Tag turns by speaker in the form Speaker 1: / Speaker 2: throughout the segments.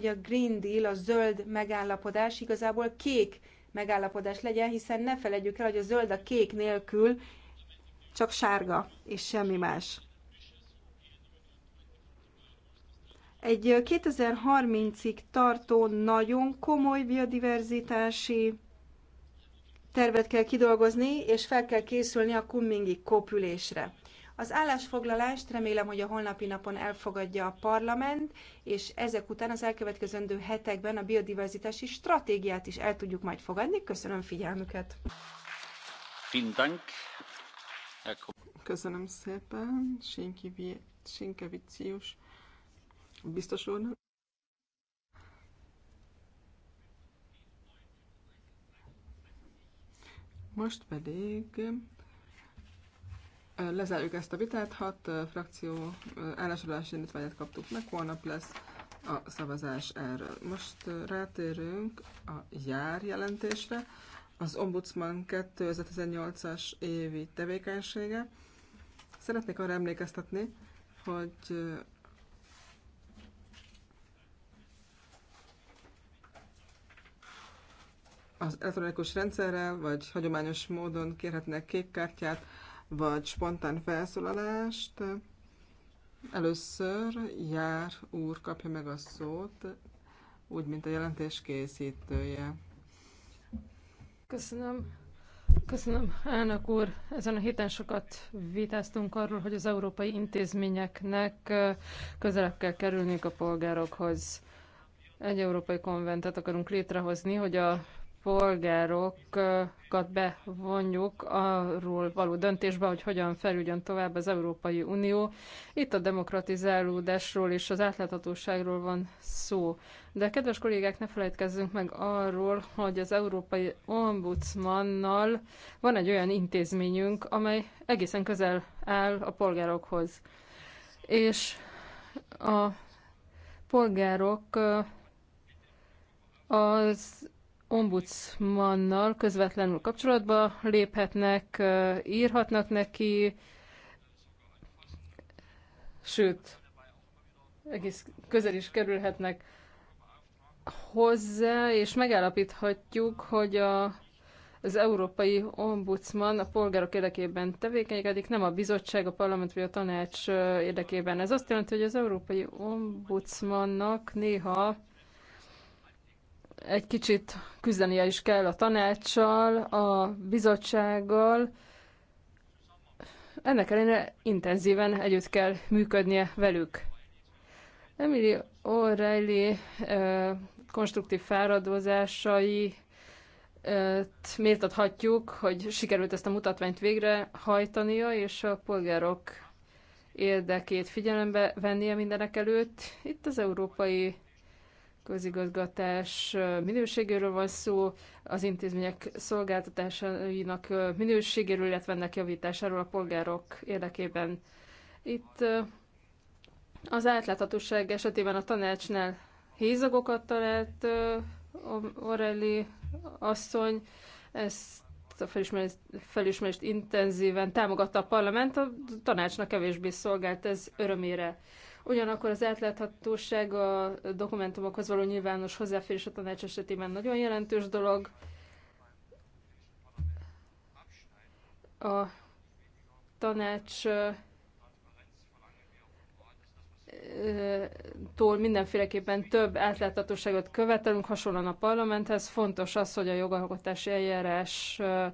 Speaker 1: hogy a Green Deal, a zöld megállapodás igazából kék megállapodás legyen, hiszen ne felejtjük el, hogy a zöld a kék nélkül csak sárga és semmi más. Egy 2030-ig tartó nagyon komoly biodiverzitási tervet kell kidolgozni, és fel kell készülni a kummingi kopülésre. Az állásfoglalást remélem, hogy a holnapi napon elfogadja a parlament, és ezek után az elkövetkezendő hetekben a biodiverzitási stratégiát is el tudjuk majd fogadni. Köszönöm figyelmüket! Köszönöm szépen,
Speaker 2: Sinkevicius biztos úrnak. Most pedig lezárjuk ezt a vitát, hat frakció állásolási indítványát kaptuk meg, holnap lesz a szavazás erről. Most rátérünk a jár jelentésre, az Ombudsman 2018-as évi tevékenysége. Szeretnék arra emlékeztetni, hogy az elektronikus rendszerrel, vagy hagyományos módon kérhetnek kék kártyát, vagy spontán felszólalást. Először Jár úr kapja meg a szót, úgy, mint a jelentés készítője. Köszönöm.
Speaker 3: Köszönöm, elnök úr. Ezen a héten sokat vitáztunk arról, hogy az európai intézményeknek közelebb kell kerülniük a polgárokhoz. Egy európai konventet akarunk létrehozni, hogy a polgárokat bevonjuk arról való döntésbe, hogy hogyan felügyön tovább az Európai Unió. Itt a demokratizálódásról és az átláthatóságról van szó. De kedves kollégák, ne felejtkezzünk meg arról, hogy az Európai Ombudsmannal van egy olyan intézményünk, amely egészen közel áll a polgárokhoz. És a polgárok az ombudsmannal közvetlenül kapcsolatba léphetnek, írhatnak neki, sőt, egész közel is kerülhetnek hozzá, és megállapíthatjuk, hogy a, az Európai Ombudsman a polgárok érdekében tevékenykedik, nem a bizottság, a parlament vagy a tanács érdekében. Ez azt jelenti, hogy az Európai Ombudsmannak néha egy kicsit küzdenie is kell a tanácssal, a bizottsággal. Ennek ellenére intenzíven együtt kell működnie velük. Emily O'Reilly konstruktív fáradozásai méltathatjuk, hogy sikerült ezt a mutatványt végrehajtania, és a polgárok érdekét figyelembe vennie mindenek előtt. Itt az Európai közigazgatás minőségéről van szó, az intézmények szolgáltatásainak minőségéről, illetve ennek javításáról a polgárok érdekében. Itt az átláthatóság esetében a tanácsnál hézagokat talált Orelli asszony, ezt a felismerést, felismerést intenzíven támogatta a parlament, a tanácsnak kevésbé szolgált ez örömére. Ugyanakkor az átláthatóság a dokumentumokhoz való nyilvános hozzáférés a tanács esetében nagyon jelentős dolog. A tanács tól mindenféleképpen több átláthatóságot követelünk, hasonlóan a parlamenthez. Fontos az, hogy a jogalkotási eljárásról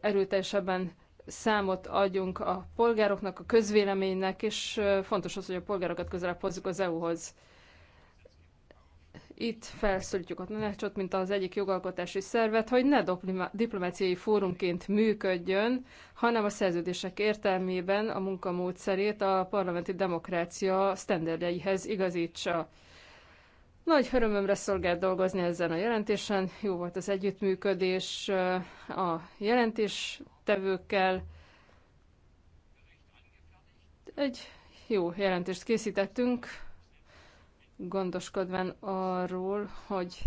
Speaker 3: erőteljesebben számot adjunk a polgároknak, a közvéleménynek, és fontos az, hogy a polgárokat közelebb hozzuk az EU-hoz. Itt felszólítjuk a tanácsot, mint az egyik jogalkotási szervet, hogy ne diplomáciai fórumként működjön, hanem a szerződések értelmében a munkamódszerét a parlamenti demokrácia sztenderdeihez igazítsa. Nagy örömömre szolgált dolgozni ezen a jelentésen. Jó volt az együttműködés a jelentéstevőkkel. Egy jó jelentést készítettünk, gondoskodván arról, hogy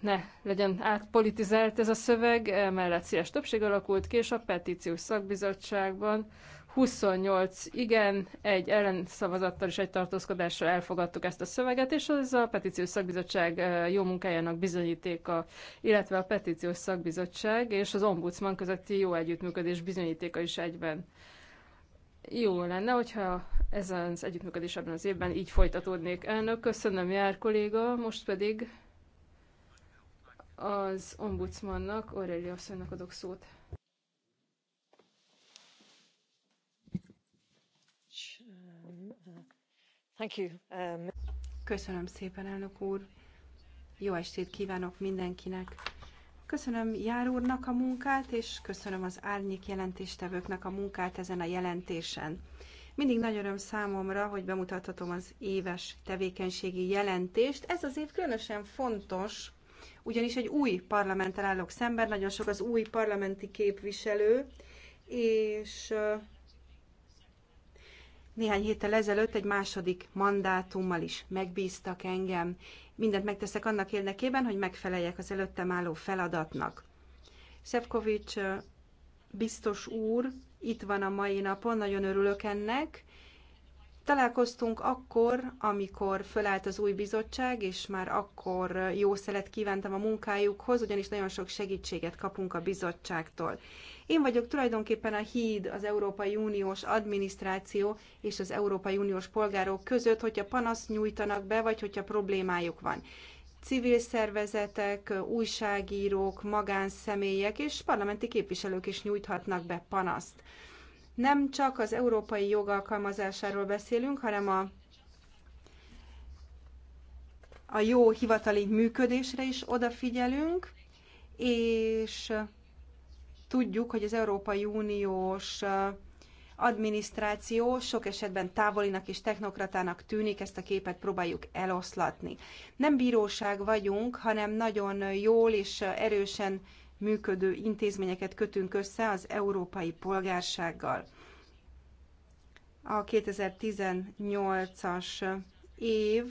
Speaker 3: ne legyen átpolitizált ez a szöveg, mellett széles többség alakult ki, és a petíciós szakbizottságban 28 igen, egy ellenszavazattal és egy tartózkodással elfogadtuk ezt a szöveget, és ez a petíciós szakbizottság jó munkájának bizonyítéka, illetve a petíciós szakbizottság és az ombudsman közötti jó együttműködés bizonyítéka is egyben. Jó lenne, hogyha ez az együttműködés ebben az évben így folytatódnék. Elnök, köszönöm, jár kolléga, most pedig az ombudsmannak, Aurelia asszonynak adok szót.
Speaker 1: Thank you. Um... Köszönöm szépen, elnök úr. Jó estét kívánok mindenkinek. Köszönöm Jár úrnak a munkát, és köszönöm az árnyék jelentéstevőknek a munkát ezen a jelentésen. Mindig nagy öröm számomra, hogy bemutathatom az éves tevékenységi jelentést. Ez az év különösen fontos, ugyanis egy új parlamenttel állok szemben, nagyon sok az új parlamenti képviselő, és néhány héttel ezelőtt egy második mandátummal is megbíztak engem. Mindent megteszek annak érdekében, hogy megfeleljek az előttem álló feladatnak. Szefkovics biztos úr itt van a mai napon, nagyon örülök ennek, Találkoztunk akkor, amikor fölállt az új bizottság, és már akkor jó szelet kívántam a munkájukhoz, ugyanis nagyon sok segítséget kapunk a bizottságtól. Én vagyok tulajdonképpen a híd az Európai Uniós adminisztráció és az Európai Uniós polgárok között, hogyha panaszt nyújtanak be, vagy hogyha problémájuk van civil szervezetek, újságírók, magánszemélyek és parlamenti képviselők is nyújthatnak be panaszt nem csak az európai jog alkalmazásáról beszélünk, hanem a, a jó hivatali működésre is odafigyelünk, és tudjuk, hogy az Európai Uniós adminisztráció sok esetben távolinak és technokratának tűnik, ezt a képet próbáljuk eloszlatni. Nem bíróság vagyunk, hanem nagyon jól és erősen működő intézményeket kötünk össze az európai polgársággal. A 2018-as év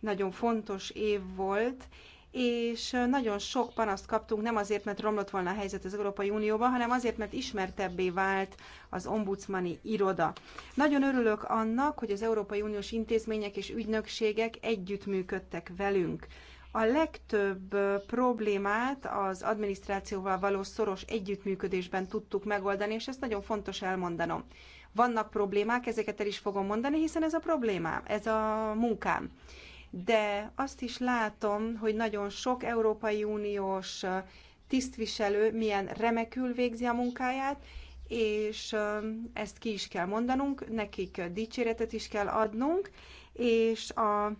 Speaker 1: nagyon fontos év volt, és nagyon sok panaszt kaptunk, nem azért, mert romlott volna a helyzet az Európai Unióban, hanem azért, mert ismertebbé vált az ombudsmani iroda. Nagyon örülök annak, hogy az Európai Uniós intézmények és ügynökségek együttműködtek velünk. A legtöbb problémát az adminisztrációval való szoros együttműködésben tudtuk megoldani, és ezt nagyon fontos elmondanom. Vannak problémák, ezeket el is fogom mondani, hiszen ez a problémám, ez a munkám. De azt is látom, hogy nagyon sok Európai Uniós tisztviselő milyen remekül végzi a munkáját, és ezt ki is kell mondanunk, nekik dicséretet is kell adnunk, és a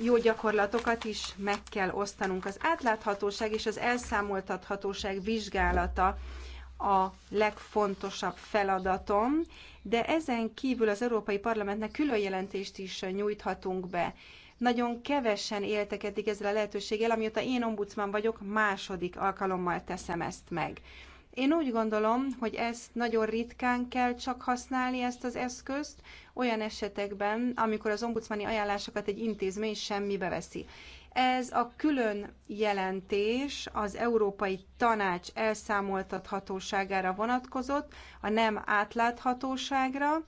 Speaker 1: jó gyakorlatokat is meg kell osztanunk. Az átláthatóság és az elszámoltathatóság vizsgálata a legfontosabb feladatom, de ezen kívül az Európai Parlamentnek külön jelentést is nyújthatunk be. Nagyon kevesen éltek eddig ezzel a lehetőséggel, amióta én ombudsman vagyok, második alkalommal teszem ezt meg. Én úgy gondolom, hogy ezt nagyon ritkán kell csak használni, ezt az eszközt, olyan esetekben, amikor az ombudsmani ajánlásokat egy intézmény semmibe veszi. Ez a külön jelentés az Európai Tanács elszámoltathatóságára vonatkozott, a nem átláthatóságra,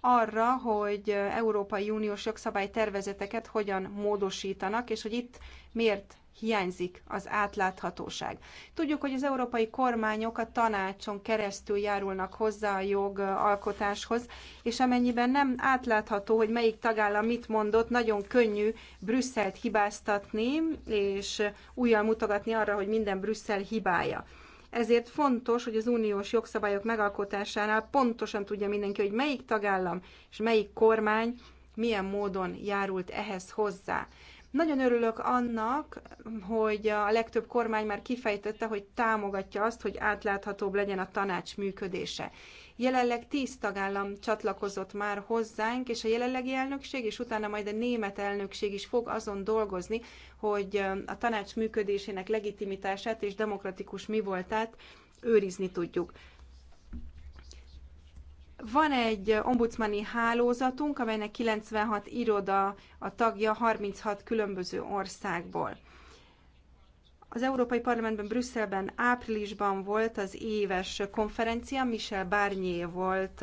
Speaker 1: arra, hogy Európai Uniós jogszabálytervezeteket hogyan módosítanak, és hogy itt miért hiányzik az átláthatóság. Tudjuk, hogy az európai kormányok a tanácson keresztül járulnak hozzá a jogalkotáshoz, és amennyiben nem átlátható, hogy melyik tagállam mit mondott, nagyon könnyű Brüsszelt hibáztatni, és újjal mutogatni arra, hogy minden Brüsszel hibája. Ezért fontos, hogy az uniós jogszabályok megalkotásánál pontosan tudja mindenki, hogy melyik tagállam és melyik kormány milyen módon járult ehhez hozzá. Nagyon örülök annak, hogy a legtöbb kormány már kifejtette, hogy támogatja azt, hogy átláthatóbb legyen a tanács működése. Jelenleg tíz tagállam csatlakozott már hozzánk, és a jelenlegi elnökség, és utána majd a német elnökség is fog azon dolgozni, hogy a tanács működésének legitimitását és demokratikus mi voltát őrizni tudjuk. Van egy ombudsmani hálózatunk, amelynek 96 iroda a tagja 36 különböző országból. Az Európai Parlamentben Brüsszelben áprilisban volt az éves konferencia, Michel Barnier volt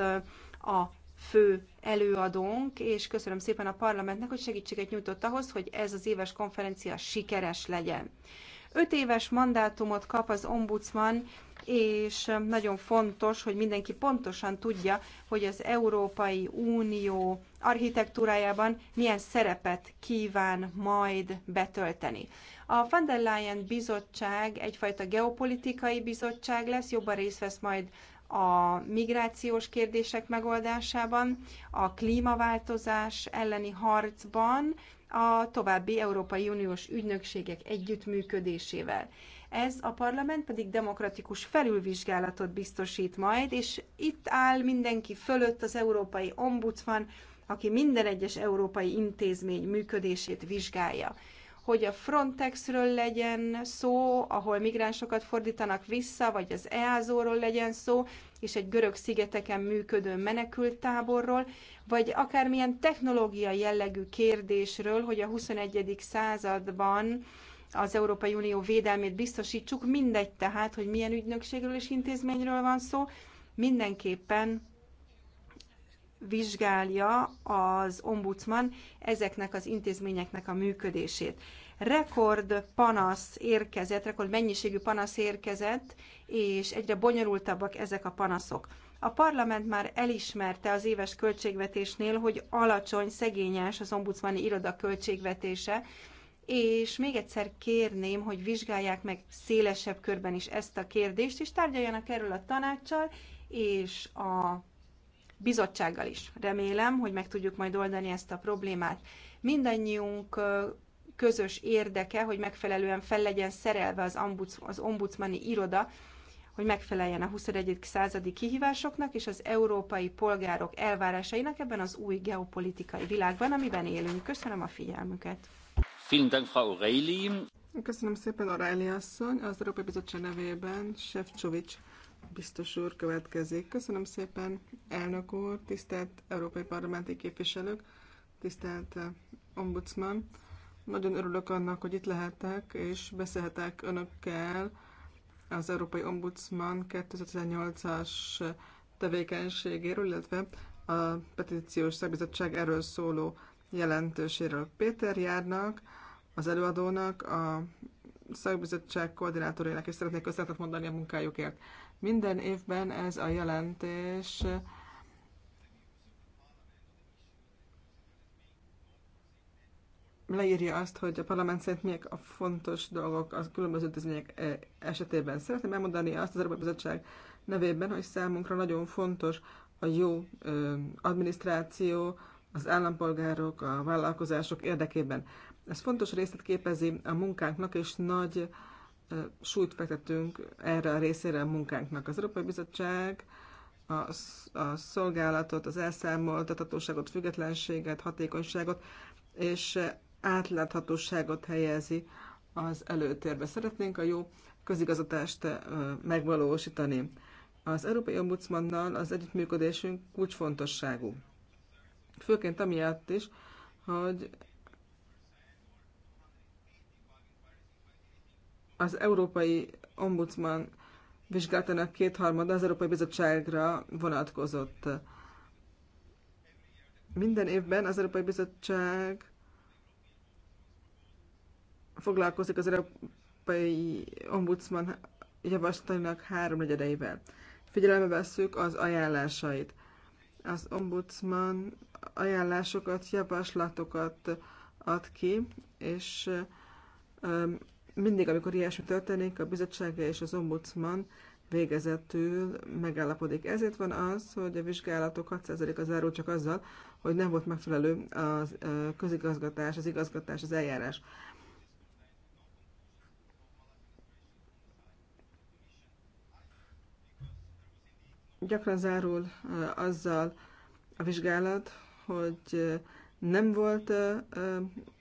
Speaker 1: a fő előadónk, és köszönöm szépen a parlamentnek, hogy segítséget nyújtott ahhoz, hogy ez az éves konferencia sikeres legyen. Öt éves mandátumot kap az ombudsman, és nagyon fontos, hogy mindenki pontosan tudja, hogy az Európai Unió architektúrájában milyen szerepet kíván majd betölteni. A van der Leyen bizottság egyfajta geopolitikai bizottság lesz, jobban részt vesz majd a migrációs kérdések megoldásában, a klímaváltozás elleni harcban, a további Európai Uniós ügynökségek együttműködésével. Ez a parlament pedig demokratikus felülvizsgálatot biztosít majd, és itt áll mindenki fölött az európai ombudsman, aki minden egyes európai intézmény működését vizsgálja hogy a Frontexről legyen szó, ahol migránsokat fordítanak vissza, vagy az EASO-ról legyen szó, és egy görög szigeteken működő táborról, vagy akármilyen technológia jellegű kérdésről, hogy a 21. században az Európai Unió védelmét biztosítsuk, mindegy tehát, hogy milyen ügynökségről és intézményről van szó, mindenképpen vizsgálja az ombudsman ezeknek az intézményeknek a működését. Rekord panasz érkezett, rekord mennyiségű panasz érkezett, és egyre bonyolultabbak ezek a panaszok. A parlament már elismerte az éves költségvetésnél, hogy alacsony, szegényes az ombudsmani iroda költségvetése, és még egyszer kérném, hogy vizsgálják meg szélesebb körben is ezt a kérdést, és tárgyaljanak erről a tanácssal és a bizottsággal is. Remélem, hogy meg tudjuk majd oldani ezt a problémát. Mindannyiunk közös érdeke, hogy megfelelően fel legyen szerelve az, ombuds, az ombudsmani iroda, hogy megfeleljen a 21. századi kihívásoknak és az európai polgárok elvárásainak ebben az új geopolitikai világban, amiben élünk. Köszönöm a figyelmüket! Köszönöm szépen,
Speaker 2: O'Reilly asszony. Az Európai Bizottság nevében Sefcsovics biztos úr következik. Köszönöm szépen, elnök úr, tisztelt Európai Parlamenti képviselők, tisztelt eh, ombudsman. Nagyon örülök annak, hogy itt lehetek, és beszélhetek önökkel az Európai Ombudsman 2018-as tevékenységéről, illetve a petíciós szakbizottság erről szóló jelentőséről. Péter járnak, az előadónak, a szakbizottság koordinátorének is szeretnék köszönetet mondani a munkájukért. Minden évben ez a jelentés leírja azt, hogy a parlament szerint miek a fontos dolgok az különböző intézmények eh, esetében. Szeretném elmondani azt az Európai Bizottság nevében, hogy számunkra nagyon fontos a jó ö, eh, adminisztráció, az állampolgárok, a vállalkozások érdekében. Ez fontos részt képezi a munkánknak, és nagy súlyt fektetünk erre a részére a munkánknak. Az Európai Bizottság a, a szolgálatot, az elszámoltathatóságot, függetlenséget, hatékonyságot és átláthatóságot helyezi az előtérbe. Szeretnénk a jó közigazatást megvalósítani. Az Európai Ombudsmannal az együttműködésünk kulcsfontosságú. Főként amiatt is, hogy az Európai Ombudsman vizsgálatának kétharmada az Európai Bizottságra vonatkozott. Minden évben az Európai Bizottság foglalkozik az Európai Ombudsman javaslatainak háromnegyedeivel. Figyelembe vesszük az ajánlásait az ombudsman ajánlásokat, javaslatokat ad ki, és mindig, amikor ilyesmi történik, a bizottsága és az ombudsman végezetül megállapodik. Ezért van az, hogy a vizsgálatok 6%-a zárul csak azzal, hogy nem volt megfelelő a közigazgatás, az igazgatás, az eljárás. Gyakran zárul azzal a vizsgálat, hogy nem volt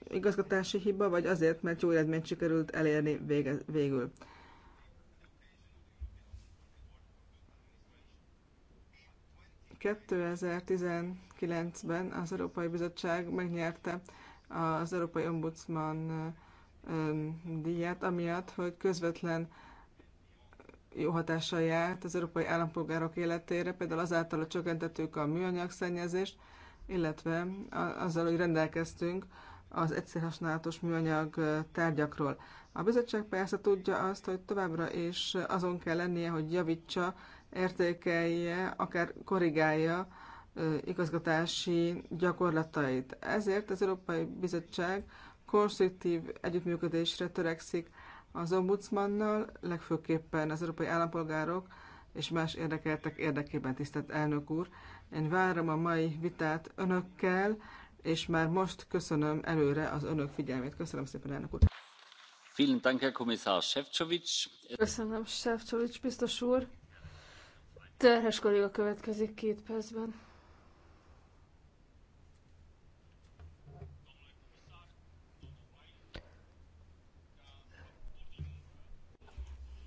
Speaker 2: igazgatási hiba, vagy azért, mert jó eredményt sikerült elérni vége, végül. ...2019-ben az Európai Bizottság megnyerte az Európai Ombudsman díját, amiatt, hogy közvetlen jó hatással járt az európai állampolgárok életére, például azáltal, hogy csökkentettük a műanyag szennyezést, illetve azzal, hogy rendelkeztünk az egyszerhasználatos műanyag tárgyakról. A bizottság persze tudja azt, hogy továbbra is azon kell lennie, hogy javítsa, értékelje, akár korrigálja igazgatási gyakorlatait. Ezért az Európai Bizottság konstruktív együttműködésre törekszik az ombudsmannal, legfőképpen az európai állampolgárok és más érdekeltek érdekében, tisztelt elnök úr. Én várom a mai vitát önökkel, és már most köszönöm előre az önök figyelmét. Köszönöm szépen, elnök úr. Köszönöm, Sefcovics biztos úr. Terhes kolléga következik
Speaker 3: két percben.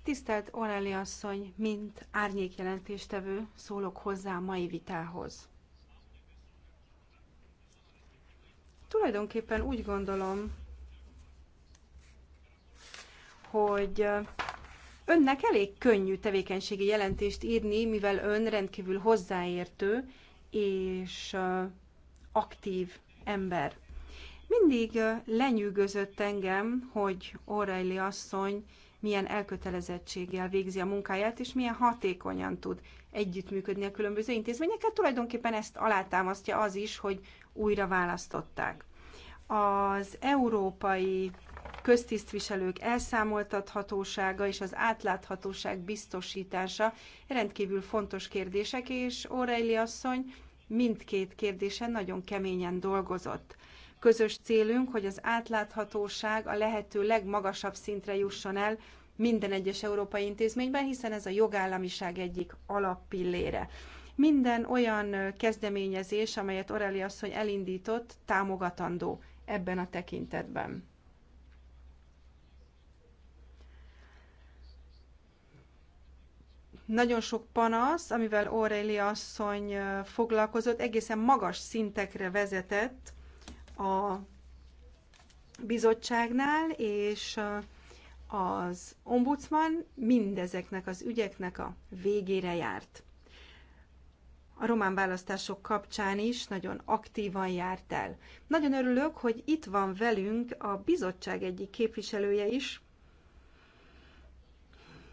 Speaker 1: Tisztelt Orelli asszony, mint árnyékjelentéstevő szólok hozzá a mai vitához. Tulajdonképpen úgy gondolom, hogy önnek elég könnyű tevékenységi jelentést írni, mivel ön rendkívül hozzáértő és aktív ember. Mindig lenyűgözött engem, hogy O'Reilly asszony milyen elkötelezettséggel végzi a munkáját, és milyen hatékonyan tud együttműködni a különböző intézményekkel. Tulajdonképpen ezt alátámasztja az is, hogy újra választották. Az európai köztisztviselők elszámoltathatósága és az átláthatóság biztosítása rendkívül fontos kérdések, és Aurelia asszony mindkét kérdésen nagyon keményen dolgozott. Közös célunk, hogy az átláthatóság a lehető legmagasabb szintre jusson el minden egyes európai intézményben, hiszen ez a jogállamiság egyik alappillére. Minden olyan kezdeményezés, amelyet Oreli asszony elindított, támogatandó ebben a tekintetben. nagyon sok panasz, amivel Aurélia asszony foglalkozott, egészen magas szintekre vezetett, a bizottságnál, és az ombudsman mindezeknek az ügyeknek a végére járt. A román választások kapcsán is nagyon aktívan járt el. Nagyon örülök, hogy itt van velünk a bizottság egyik képviselője is,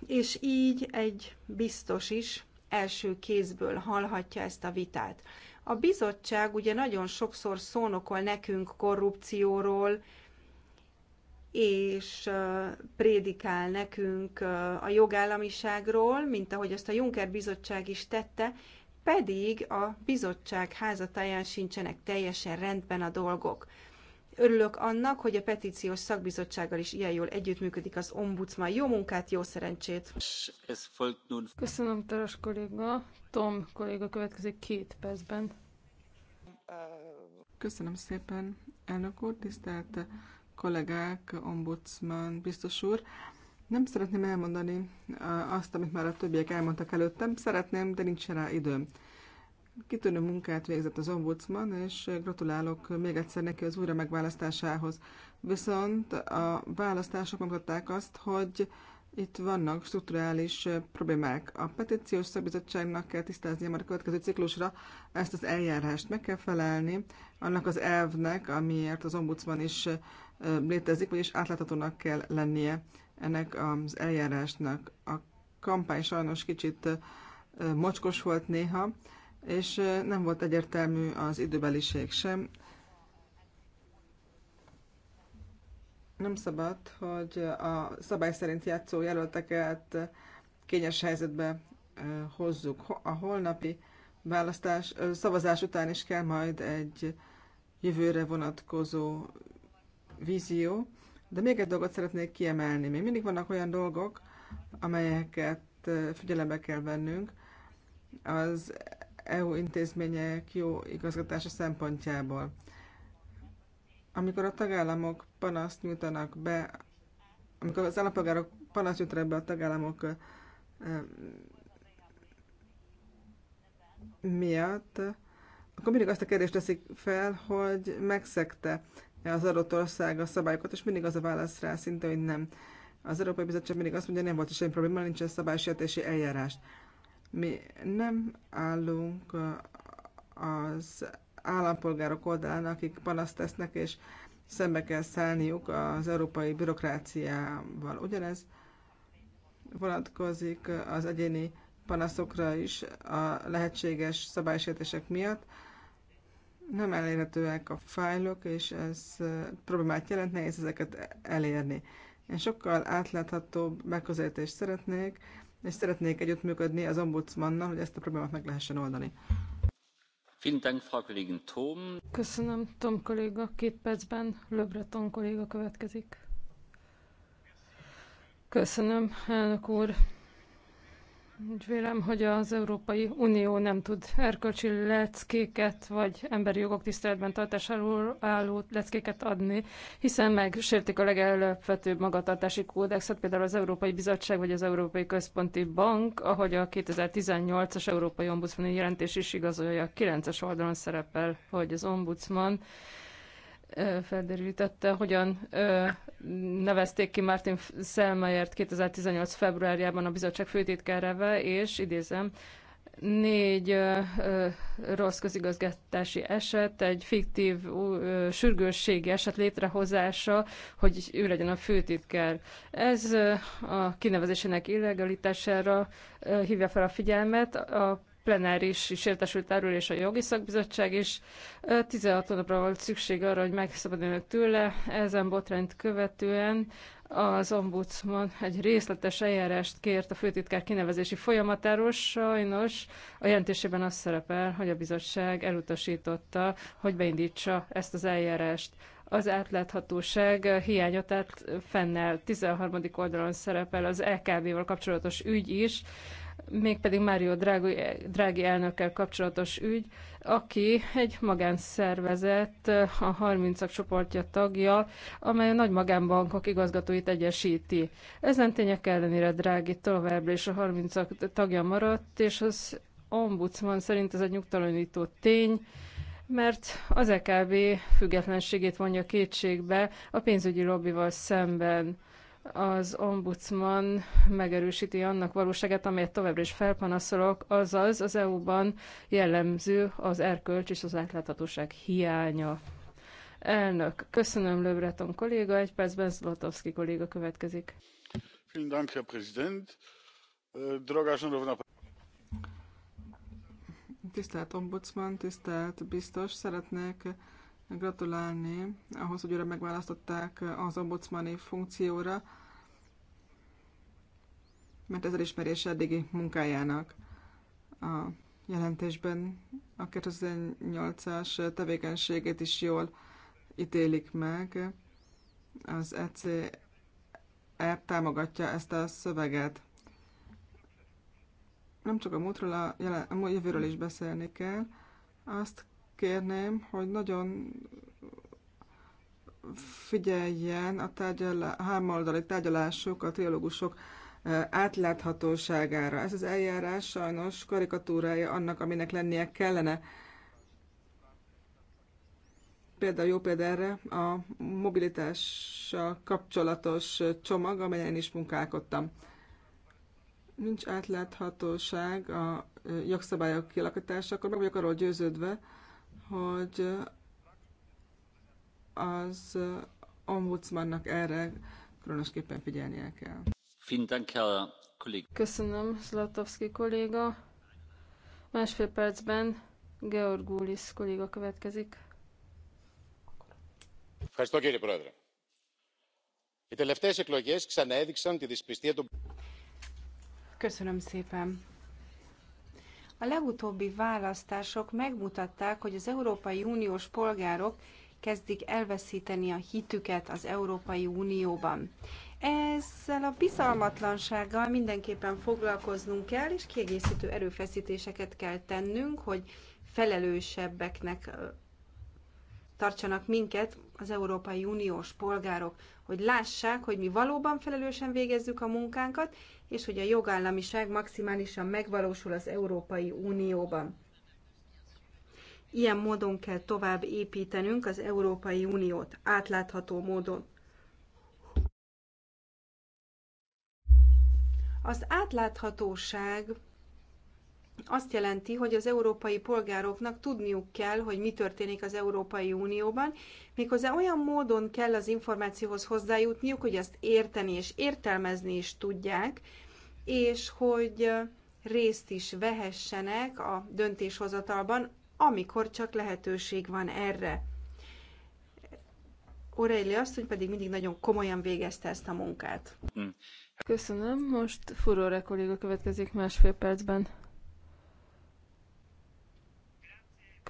Speaker 1: és így egy biztos is első kézből hallhatja ezt a vitát. A bizottság ugye nagyon sokszor szónokol nekünk korrupcióról, és prédikál nekünk a jogállamiságról, mint ahogy ezt a Juncker bizottság is tette, pedig a bizottság házatáján sincsenek teljesen rendben a dolgok. Örülök annak, hogy a petíciós szakbizottsággal is ilyen jól együttműködik az ombudsman. Jó munkát, jó szerencsét! Köszönöm, Taras kolléga. Tom kolléga következik
Speaker 2: két percben. Köszönöm szépen, elnök úr, tisztelt kollégák, ombudsman, biztos úr. Nem szeretném elmondani eh, azt, amit már a többiek elmondtak előttem. Szeretném, de nincs rá időm. Kitűnő munkát végzett az ombudsman, és gratulálok még egyszer neki az újra megválasztásához. Viszont a választások megmutatták azt, hogy itt vannak strukturális problémák. A petíciós szakbizottságnak kell tisztáznia már a következő ciklusra ezt az eljárást. Meg kell felelni annak az elvnek, amiért az ombudsman is létezik, vagyis átláthatónak kell lennie ennek az eljárásnak. A kampány sajnos kicsit mocskos volt néha, és nem volt egyértelmű az időbeliség sem. Nem szabad, hogy a szabály szerint játszó jelölteket kényes helyzetbe hozzuk. A holnapi választás, szavazás után is kell majd egy jövőre vonatkozó vízió. De még egy dolgot szeretnék kiemelni. Még mindig vannak olyan dolgok, amelyeket figyelembe kell vennünk. Az EU intézmények jó igazgatása szempontjából. Amikor a tagállamok panaszt nyújtanak be, amikor az állampolgárok panaszt nyújtanak be a tagállamok miatt, akkor mindig azt a kérdést teszik fel, hogy megszegte az adott ország a szabályokat, és mindig az a válasz rá szinte, hogy nem. Az Európai Bizottság mindig azt mondja, nem volt semmi probléma, nincsen szabálysértési eljárás. Mi nem állunk az állampolgárok oldalán, akik panaszt tesznek, és szembe kell szállniuk az európai bürokráciával. Ugyanez vonatkozik az egyéni panaszokra is a lehetséges szabálysértések miatt. Nem elérhetőek a fájlok, és ez problémát jelent, nehéz ezeket elérni. Én sokkal átláthatóbb megközelítést szeretnék, és szeretnék együttműködni az ombudsmannal, hogy ezt a problémát meg lehessen oldani. Köszönöm, Tom kolléga. Két percben
Speaker 3: Löbreton kolléga következik. Köszönöm, elnök úr. Úgy vélem, hogy az Európai Unió nem tud erkölcsi leckéket vagy emberi jogok tiszteletben tartásáról álló leckéket adni, hiszen megsértik a legelőfetőbb magatartási kódexet, például az Európai Bizottság vagy az Európai Központi Bank, ahogy a 2018-as Európai Ombudsmani jelentés is igazolja, a 9-es oldalon szerepel, hogy az ombudsman felderítette, hogyan nevezték ki Martin Selmayert 2018. februárjában a bizottság főtétkárával, és idézem, négy ö, ö, rossz közigazgatási eset, egy fiktív ö, sürgősségi eset létrehozása, hogy ő legyen a főtitkár. Ez ö, a kinevezésének illegalitására ö, hívja fel a figyelmet. A plenáris is értesült erről, és a jogi szakbizottság is. 16 napra volt szükség arra, hogy megszabaduljanak tőle. Ezen botrányt követően az ombudsman egy részletes eljárást kért a főtitkár kinevezési folyamatáról. Sajnos a jelentésében az szerepel, hogy a bizottság elutasította, hogy beindítsa ezt az eljárást az átláthatóság hiánya, tehát fennel 13. oldalon szerepel az LKB-val e kapcsolatos ügy is, mégpedig Mário Drági, Drági elnökkel kapcsolatos ügy, aki egy magánszervezet, a 30-ak csoportja tagja, amely a nagy magánbankok igazgatóit egyesíti. Ezen tények ellenére Drági továbbra is a 30-ak tagja maradt, és az ombudsman szerint ez egy nyugtalanító tény, mert az EKB függetlenségét vonja kétségbe a pénzügyi lobbival szemben az ombudsman megerősíti annak valóságát, amelyet továbbra is felpanaszolok, azaz az EU-ban jellemző az erkölcs és az átláthatóság hiánya. Elnök, köszönöm Löbreton kolléga, egy percben Zlotowski kolléga következik.
Speaker 1: Äh,
Speaker 2: tisztelt ombudsman, tisztelt biztos, szeretnék gratulálni ahhoz, hogy őre megválasztották az ombudsmani funkcióra, mert ez elismerés eddigi munkájának. A jelentésben a 2008-as tevékenységét is jól ítélik meg. Az ECR e támogatja ezt a szöveget. Nem csak a múltról, a, jelen, a jövőről is beszélni kell, azt kérném, hogy nagyon figyeljen a, tárgyal, a tárgyalások, a triológusok e, átláthatóságára. Ez az eljárás sajnos karikatúrája annak, aminek lennie kellene. Például jó példa erre a mobilitással kapcsolatos csomag, amelyen is munkálkodtam. Nincs átláthatóság a e, jogszabályok kialakítása, akkor meg vagyok arról győződve, hogy az ombudsmannak erre különösképpen figyelnie kell.
Speaker 3: Köszönöm, Zlatowski kolléga. Másfél percben Georgulis kolléga következik.
Speaker 1: Ευχαριστώ κύριε Πρόεδρε. Οι τελευταίες εκλογές ξαναέδειξαν τη δυσπιστία των... Köszönöm szépen. A legutóbbi választások megmutatták, hogy az Európai Uniós polgárok kezdik elveszíteni a hitüket az Európai Unióban. Ezzel a bizalmatlansággal mindenképpen foglalkoznunk kell, és kiegészítő erőfeszítéseket kell tennünk, hogy felelősebbeknek tartsanak minket, az Európai Uniós polgárok, hogy lássák, hogy mi valóban felelősen végezzük a munkánkat, és hogy a jogállamiság maximálisan megvalósul az Európai Unióban. Ilyen módon kell tovább építenünk az Európai Uniót, átlátható módon. Az átláthatóság azt jelenti, hogy az európai polgároknak tudniuk kell, hogy mi történik az Európai Unióban, méghozzá olyan módon kell az információhoz hozzájutniuk, hogy ezt érteni és értelmezni is tudják, és hogy részt is vehessenek a döntéshozatalban, amikor csak lehetőség van erre. azt asszony pedig mindig nagyon komolyan végezte ezt a munkát. Hmm. Köszönöm, most
Speaker 3: Furore kolléga következik másfél percben.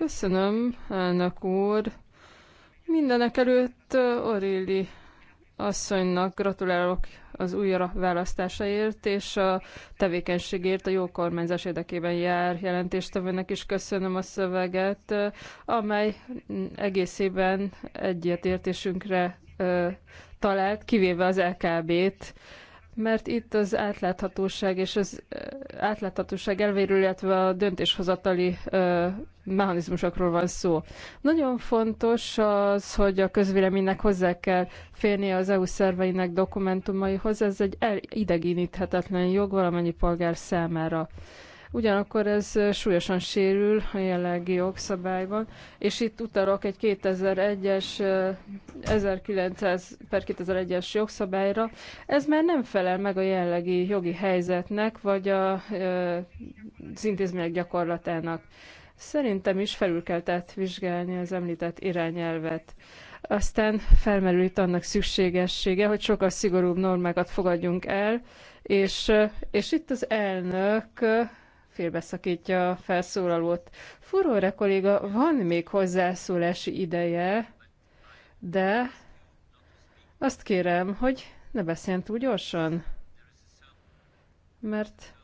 Speaker 3: Köszönöm, elnök úr. Mindenek előtt Oréli asszonynak gratulálok az újra választásaért, és a tevékenységért a jó kormányzás érdekében jár jelentéstevőnek is köszönöm a szöveget, amely egészében egyetértésünkre talált, kivéve az LKB-t, mert itt az átláthatóság és az átláthatóság elvéről, illetve a döntéshozatali mechanizmusokról van szó. Nagyon fontos az, hogy a közvéleménynek hozzá kell férnie az EU szerveinek dokumentumaihoz, ez egy idegíníthetetlen jog valamennyi polgár számára. Ugyanakkor ez súlyosan sérül a jelenlegi jogszabályban, és itt utalok egy 2001-es, 1900 per 2001-es jogszabályra. Ez már nem felel meg a jelenlegi jogi helyzetnek, vagy a, az intézmények gyakorlatának. Szerintem is felül kell tehát vizsgálni az említett irányelvet. Aztán felmerül itt annak szükségessége, hogy sokkal szigorúbb normákat fogadjunk el, és, és itt az elnök félbeszakítja a felszólalót. Furóra kolléga, van még hozzászólási ideje, de azt kérem, hogy ne beszéljen túl gyorsan, mert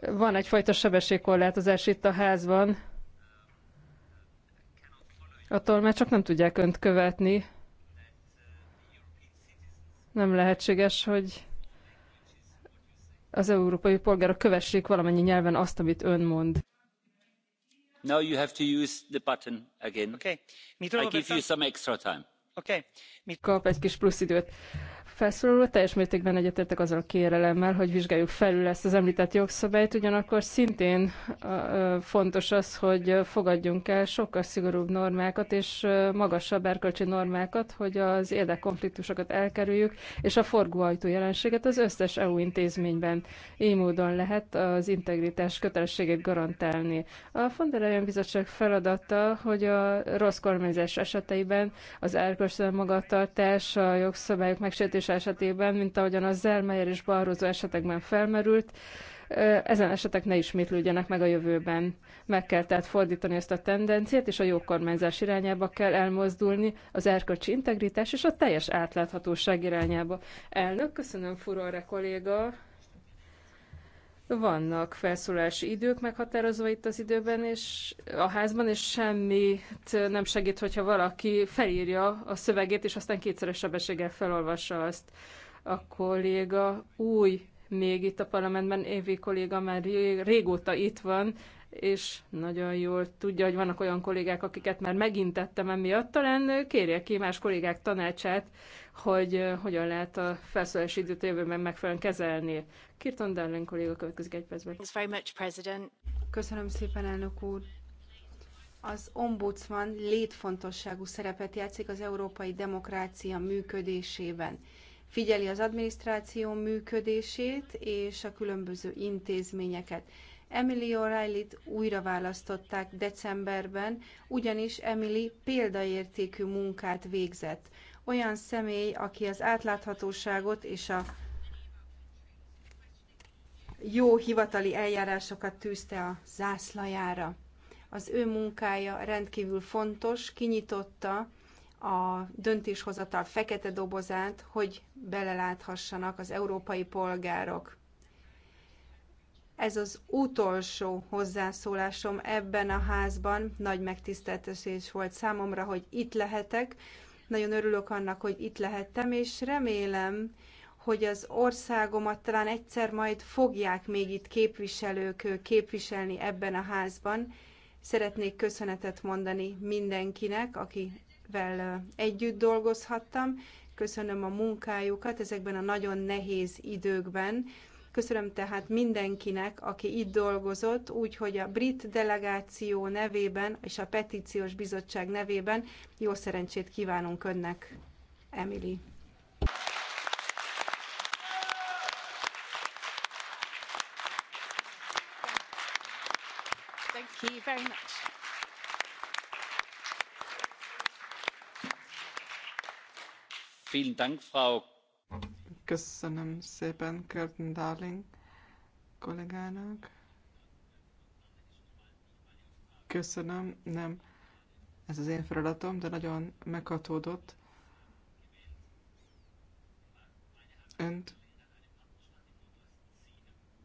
Speaker 3: van egyfajta sebességkorlátozás itt a házban. Attól már csak nem tudják önt követni. Nem lehetséges, hogy az európai polgárok kövessék valamennyi nyelven azt, amit ön mond.
Speaker 1: Now you have to use the button again. Okay. I give you some extra time.
Speaker 3: Okay. Kap egy kis plusz időt felszólaló. Teljes mértékben egyetértek azzal a kérelemmel, hogy vizsgáljuk felül ezt az említett jogszabályt, ugyanakkor szintén fontos az, hogy fogadjunk el sokkal szigorúbb normákat és magasabb erkölcsi normákat, hogy az érdekkonfliktusokat elkerüljük, és a forgóajtó jelenséget az összes EU intézményben. Így módon lehet az integritás kötelességét garantálni. A von bizottság feladata, hogy a rossz kormányzás eseteiben az erkölcsi magatartás, a jogszabályok megsértése megváltása esetében, mint ahogyan a Zellmeyer és Barroso esetekben felmerült, ezen esetek ne ismétlődjenek meg a jövőben. Meg kell tehát fordítani ezt a tendenciát, és a jó kormányzás irányába kell elmozdulni, az erkölcsi integritás és a teljes átláthatóság irányába. Elnök, köszönöm Furore kolléga, vannak felszólási idők meghatározva itt az időben, és a házban, és semmit nem segít, hogyha valaki felírja a szövegét, és aztán kétszeres sebességgel felolvassa azt. A kolléga új még itt a parlamentben, Évi kolléga már régóta itt van, és nagyon jól tudja, hogy vannak olyan kollégák, akiket már megintettem emiatt, talán kérje ki más kollégák tanácsát, hogy eh, hogyan lehet a felszólási időt
Speaker 1: a jövőben megfelelően kezelni. Kirton Darling kolléga következik egy percben. Köszönöm szépen, elnök úr. Az ombudsman létfontosságú szerepet játszik az európai demokrácia működésében figyeli az adminisztráció működését és a különböző intézményeket. Emily O'Reilly-t újra választották decemberben, ugyanis Emily példaértékű munkát végzett. Olyan személy, aki az átláthatóságot és a jó hivatali eljárásokat tűzte a zászlajára. Az ő munkája rendkívül fontos, kinyitotta a döntéshozatal fekete dobozát, hogy beleláthassanak az európai polgárok. Ez az utolsó hozzászólásom ebben a házban. Nagy megtiszteltetés volt számomra, hogy itt lehetek. Nagyon örülök annak, hogy itt lehettem, és remélem, hogy az országomat talán egyszer majd fogják még itt képviselők képviselni ebben a házban. Szeretnék köszönetet mondani mindenkinek, akivel együtt dolgozhattam. Köszönöm a munkájukat ezekben a nagyon nehéz időkben. Köszönöm tehát mindenkinek, aki itt dolgozott, úgyhogy a brit delegáció nevében és a petíciós bizottság nevében jó szerencsét kívánunk önnek, Emily. Thank you very much.
Speaker 3: Vielen Dank, Frau
Speaker 2: Köszönöm szépen Curtin Darling kollégának. Köszönöm, nem ez az én feladatom, de nagyon meghatódott önt.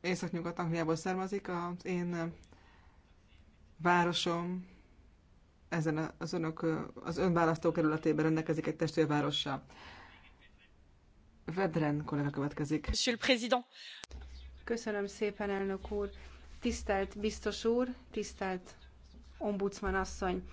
Speaker 2: Észak-nyugat Angliából származik, az én városom ezen az önök, az önválasztó kerületében rendelkezik egy testvérvárossal. Vedren kollega következik.
Speaker 1: Monsieur le Président. Köszönöm szépen, elnök úr. Tisztelt biztos úr, tisztelt ombudsman asszony.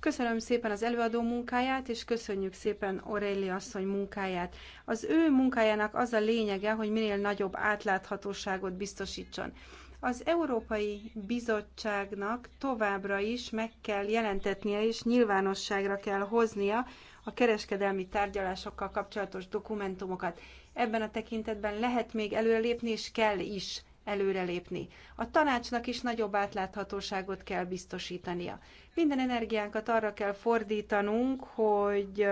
Speaker 1: Köszönöm szépen az előadó munkáját, és köszönjük szépen Orelli asszony munkáját. Az ő munkájának az a lényege, hogy minél nagyobb átláthatóságot biztosítson. Az Európai Bizottságnak továbbra is meg kell jelentetnie és nyilvánosságra kell hoznia a kereskedelmi tárgyalásokkal kapcsolatos dokumentumokat. Ebben a tekintetben lehet még előrelépni, és kell is előrelépni. A tanácsnak is nagyobb átláthatóságot kell biztosítania. Minden energiánkat arra kell fordítanunk, hogy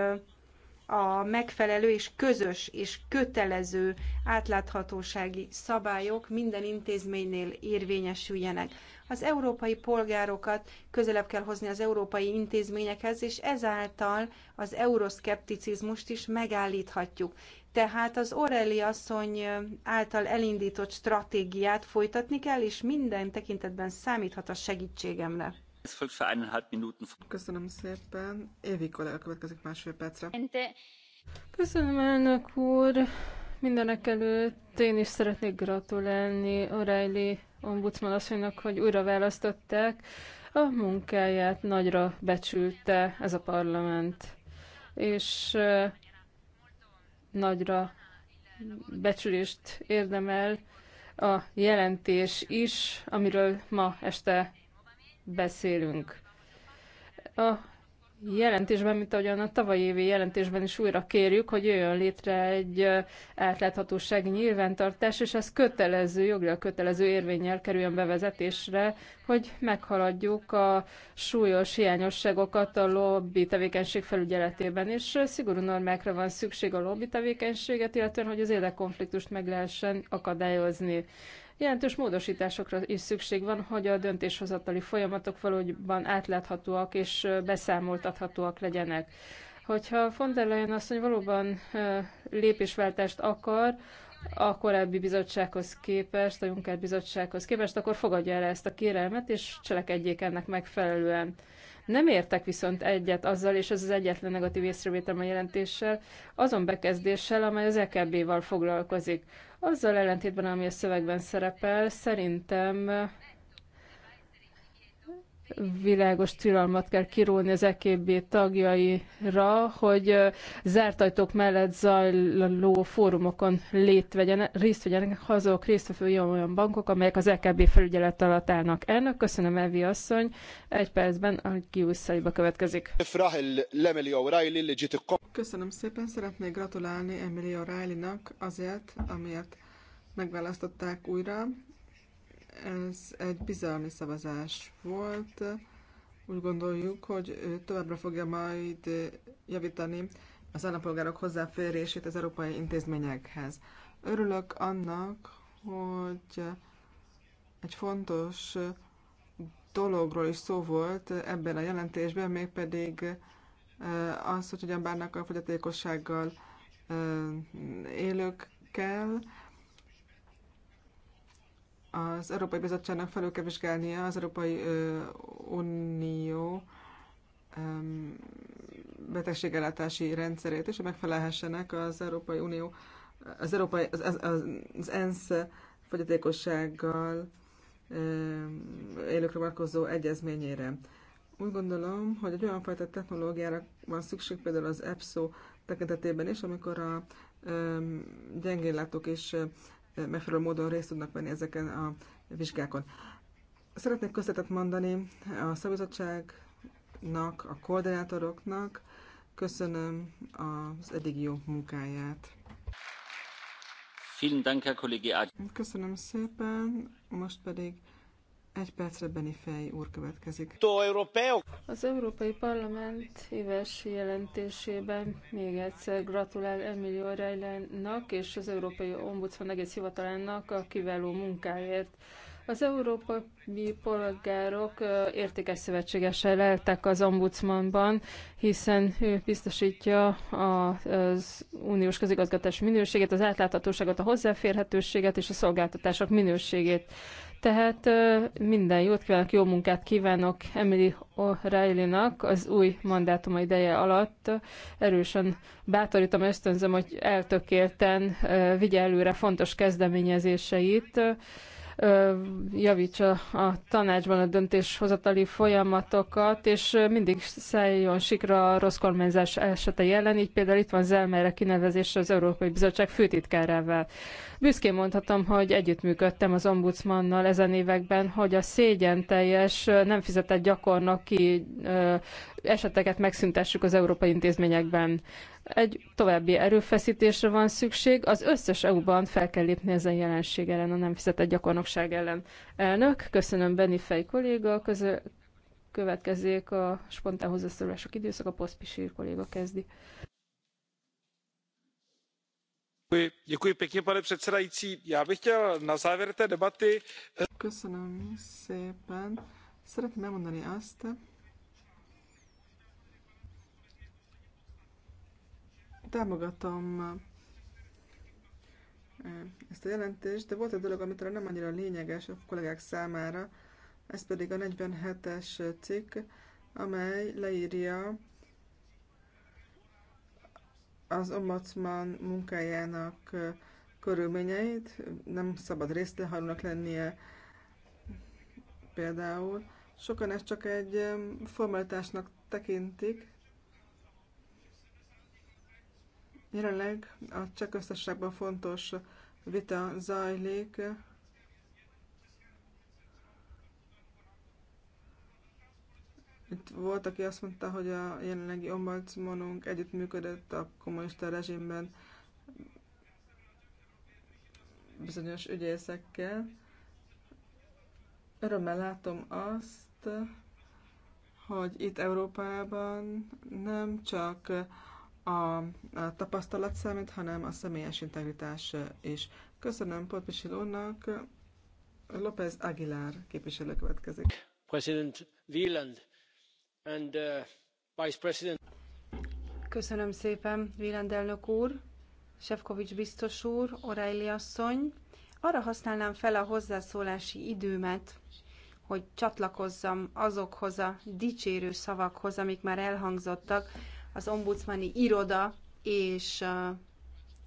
Speaker 1: a megfelelő és közös és kötelező átláthatósági szabályok minden intézménynél érvényesüljenek. Az európai polgárokat közelebb kell hozni az európai intézményekhez, és ezáltal az euroszkepticizmust is megállíthatjuk. Tehát az Orelli asszony által elindított stratégiát folytatni kell, és minden tekintetben számíthat a segítségemre. Köszönöm szépen. Évi kollega
Speaker 2: következik másfél percre.
Speaker 1: Köszönöm, elnök úr. Mindenek
Speaker 3: előtt én is szeretnék gratulálni Orelli ombudsman asszonynak, hogy újra választották. A munkáját nagyra becsülte ez a parlament, és nagyra becsülést érdemel a jelentés is, amiről ma este beszélünk. A jelentésben, mint ahogyan a tavalyi évi jelentésben is újra kérjük, hogy jöjjön létre egy átláthatósági nyilvántartás, és ez kötelező, jogra kötelező érvényel kerüljön bevezetésre, hogy meghaladjuk a súlyos hiányosságokat a lobby tevékenység felügyeletében, és szigorú normákra van szükség a lobby tevékenységet, illetve hogy az érdekkonfliktust meg lehessen akadályozni. Jelentős módosításokra is szükség van, hogy a döntéshozatali folyamatok valóban átláthatóak és beszámoltathatóak legyenek. Hogyha von der Leyen asszony valóban lépésváltást akar, a korábbi bizottsághoz képest, a Juncker bizottsághoz képest, akkor fogadja el ezt a kérelmet, és cselekedjék ennek megfelelően. Nem értek viszont egyet azzal, és ez az egyetlen negatív észrevétel a jelentéssel, azon bekezdéssel, amely az EKB-val foglalkozik. Azzal ellentétben, ami a szövegben szerepel, szerintem világos tilalmat kell kiróni az EKB tagjaira, hogy zárt ajtók mellett zajló fórumokon vegyen, részt vegyenek részt résztvevői olyan bankok, amelyek az EKB felügyelet alatt állnak. Elnök, köszönöm Evi asszony. Egy percben a kiúszáliba következik.
Speaker 2: Köszönöm szépen, szeretnék gratulálni Emily O'Reilly-nak azért, amiért megválasztották újra, ez egy bizalmi szavazás volt. Úgy gondoljuk, hogy továbbra fogja majd javítani az állampolgárok hozzáférését az európai intézményekhez. Örülök annak, hogy egy fontos dologról is szó volt ebben a jelentésben, mégpedig eh, az, hogy hogyan bánnak a fogyatékossággal eh, élőkkel az Európai Bizottságnak felül kell vizsgálnia az Európai Unió betegségellátási rendszerét, és hogy megfelelhessenek az Európai Unió, az, Európai, az, az, az ENSZ fogyatékossággal élőkre vonatkozó egyezményére. Úgy gondolom, hogy egy olyan fajta technológiára van szükség, például az EPSO tekintetében is, amikor a gyengén is és megfelelő módon részt tudnak venni ezeken a vizsgákon. Szeretnék köszönetet mondani a szabizottságnak, a koordinátoroknak. Köszönöm az eddigi jó munkáját. Köszönöm szépen, most pedig egy percre Beni Fej úr következik. Az Európai Parlament éves
Speaker 3: jelentésében még egyszer gratulál Emilio Reilennak és az Európai Ombudsman egész hivatalának a kiváló munkáért. Az európai polgárok értékes szövetségesen leltek az ombudsmanban, hiszen ő biztosítja az uniós közigazgatás minőségét, az átláthatóságot, a hozzáférhetőséget és a szolgáltatások minőségét. Tehát minden jót kívánok, jó munkát kívánok Emily oreilly az új mandátuma ideje alatt. Erősen bátorítom, ösztönzöm, hogy eltökélten vigye előre fontos kezdeményezéseit javítsa a tanácsban a döntéshozatali folyamatokat, és mindig szálljon sikra a rossz kormányzás esetei ellen, így például itt van Zelmerre kinevezésre az Európai Bizottság főtitkárával. Büszkén mondhatom, hogy együttműködtem az ombudsmannal ezen években, hogy a szégyen teljes, nem fizetett gyakornoki eseteket megszüntessük az európai intézményekben egy további erőfeszítésre van szükség. Az összes EU-ban fel kell lépni ezen jelenség ellen, a nem fizetett gyakornokság ellen. Elnök, köszönöm Benni Fej kolléga, közö, következzék a spontán hozzászólások a Poszpisír kolléga
Speaker 2: kezdi.
Speaker 1: pane předsedající já bych chtěl na závěr té debaty.
Speaker 2: köszönöm szépen. Szeretném elmondani azt, Támogatom eh, ezt a jelentést, de volt egy dolog, amit nem annyira lényeges a kollégák számára, ez pedig a 47-es cikk, amely leírja az ombudsman munkájának eh, körülményeit, nem szabad részlehajlónak lennie például. Sokan ezt csak egy eh, formalitásnak tekintik, Jelenleg a cseh köztársaságban fontos vita zajlik. Itt volt, aki azt mondta, hogy a jelenlegi ombudsmanunk együttműködött a kommunista rezsimben bizonyos ügyészekkel. Örömmel látom azt, hogy itt Európában nem csak a, a tapasztalat számít, hanem a személyes integritás is. Köszönöm Potpisil Lónak. López Aguilar képviselő következik.
Speaker 3: President Wieland and uh, Vice President.
Speaker 1: Köszönöm szépen, Wieland elnök úr, Sefcovics biztos úr, O'Reilly asszony. Arra használnám fel a hozzászólási időmet, hogy csatlakozzam azokhoz a dicsérő szavakhoz, amik már elhangzottak, az ombudsmani iroda és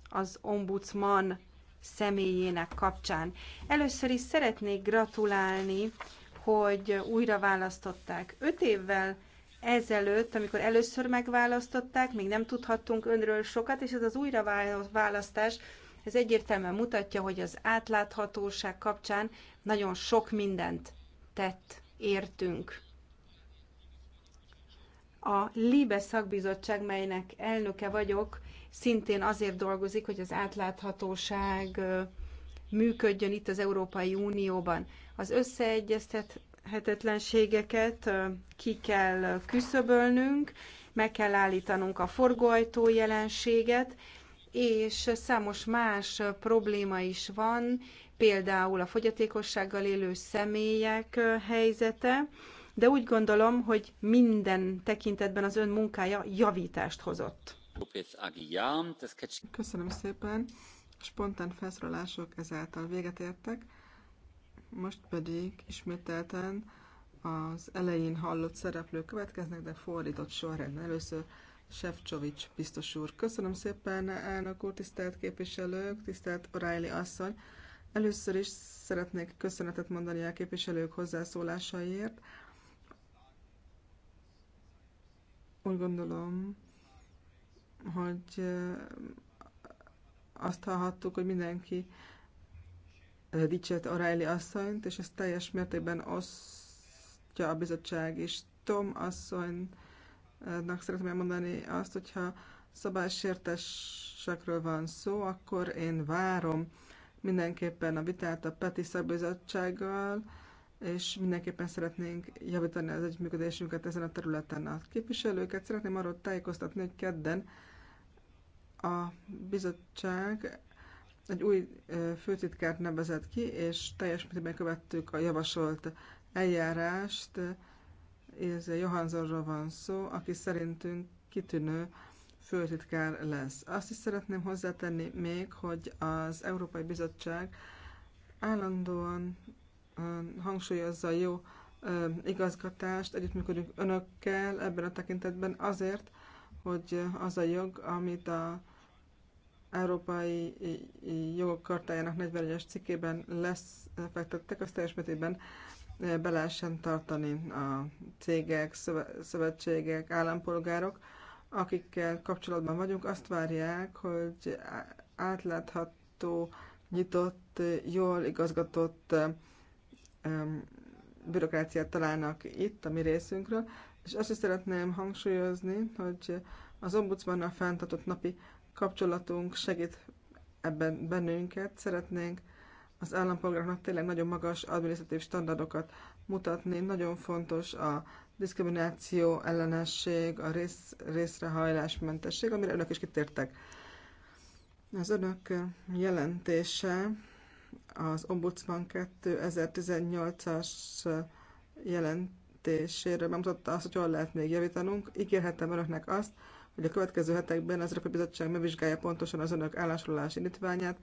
Speaker 1: az ombudsman személyének kapcsán. Először is szeretnék gratulálni, hogy újra választották. Öt évvel ezelőtt, amikor először megválasztották, még nem tudhattunk önről sokat, és ez az újraválasztás, ez egyértelműen mutatja, hogy az átláthatóság kapcsán nagyon sok mindent tett értünk. A LIBE szakbizottság, melynek elnöke vagyok, szintén azért dolgozik, hogy az átláthatóság működjön itt az Európai Unióban. Az összeegyeztethetetlenségeket ki kell küszöbölnünk, meg kell állítanunk a forgóajtó jelenséget, és számos más probléma is van, például a fogyatékossággal élő személyek helyzete, de úgy gondolom, hogy minden tekintetben az ön munkája javítást hozott. Köszönöm szépen. Spontán felszólalások
Speaker 2: ezáltal véget értek. Most pedig ismételten az elején hallott szereplők következnek, de fordított sorrendben. Először Sefcsovics biztos úr. Köszönöm szépen, elnök úr, tisztelt képviselők, tisztelt O'Reilly asszony. Először is szeretnék köszönetet mondani a képviselők hozzászólásaiért. Úgy gondolom, hogy azt hallhattuk, hogy mindenki a O'Reilly asszonyt, és ezt teljes mértékben osztja a bizottság is. Tom asszonynak szeretném elmondani azt, hogyha szabálysértesekről van szó, akkor én várom mindenképpen a vitát a Peti szakbizottsággal, és mindenképpen szeretnénk javítani az együttműködésünket ezen a területen. A képviselőket szeretném arról tájékoztatni, hogy kedden a bizottság egy új főtitkárt nevezett ki, és teljes mértékben követtük a javasolt eljárást. Ez Johanzorról van szó, aki szerintünk kitűnő főtitkár lesz. Azt is szeretném hozzátenni még, hogy az Európai Bizottság állandóan hangsúlyozza a jó igazgatást, együttműködünk önökkel ebben a tekintetben azért, hogy az a jog, amit a Európai Jogok Kartájának 41-es cikkében lesz fektettek, az teljes mértékben be lehessen tartani a cégek, szövetségek, állampolgárok, akikkel kapcsolatban vagyunk, azt várják, hogy átlátható, nyitott, jól igazgatott bürokráciát találnak itt a mi részünkről, és azt is szeretném hangsúlyozni, hogy az ombudsmannal fenntartott napi kapcsolatunk segít ebben bennünket, szeretnénk az állampolgároknak tényleg nagyon magas adminisztratív standardokat mutatni. Nagyon fontos a diszkrimináció ellenesség, a rész, részrehajlásmentesség, amire önök is kitértek. Az önök jelentése az Ombudsman 2018-as jelentéséről bemutatta azt, hogy hol lehet még javítanunk. Ígérhettem önöknek azt, hogy a következő hetekben az Európai Bizottság megvizsgálja pontosan az önök állásolás indítványát,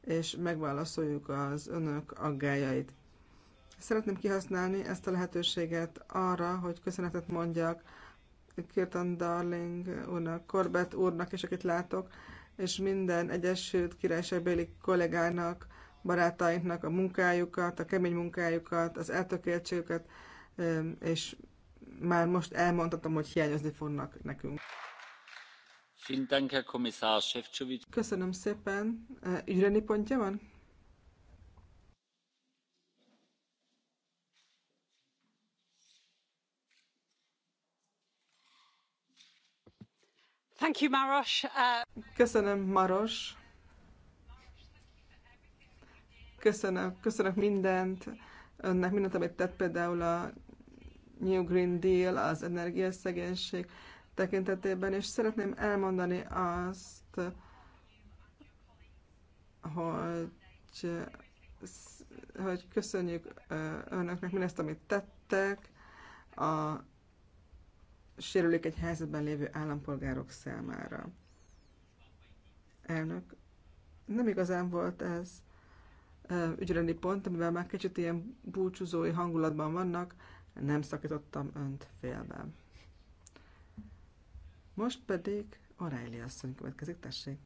Speaker 2: és megválaszoljuk az önök aggájait. Szeretném kihasználni ezt a lehetőséget arra, hogy köszönetet mondjak Kirtan Darling úrnak, Corbett úrnak, és akit látok, és minden Egyesült Királyságbéli kollégának, barátainknak a munkájukat, a kemény munkájukat, az eltökéltségüket, és már most elmondhatom, hogy hiányozni fognak nekünk. Köszönöm szépen. Ügyreni pontja van?
Speaker 1: Thank you, Maros. Uh...
Speaker 2: Köszönöm, Maros Köszönök, köszönök mindent önnek, mindent, amit tett például a New Green Deal, az energiaszegénység tekintetében, és szeretném elmondani azt, hogy, hogy köszönjük önöknek mindezt, amit tettek a egy helyzetben lévő állampolgárok számára. Elnök, nem igazán volt ez ügyrendi pont, amivel már kicsit ilyen búcsúzói hangulatban vannak, nem szakítottam önt félbe. Most pedig O'Reilly asszony következik, tessék.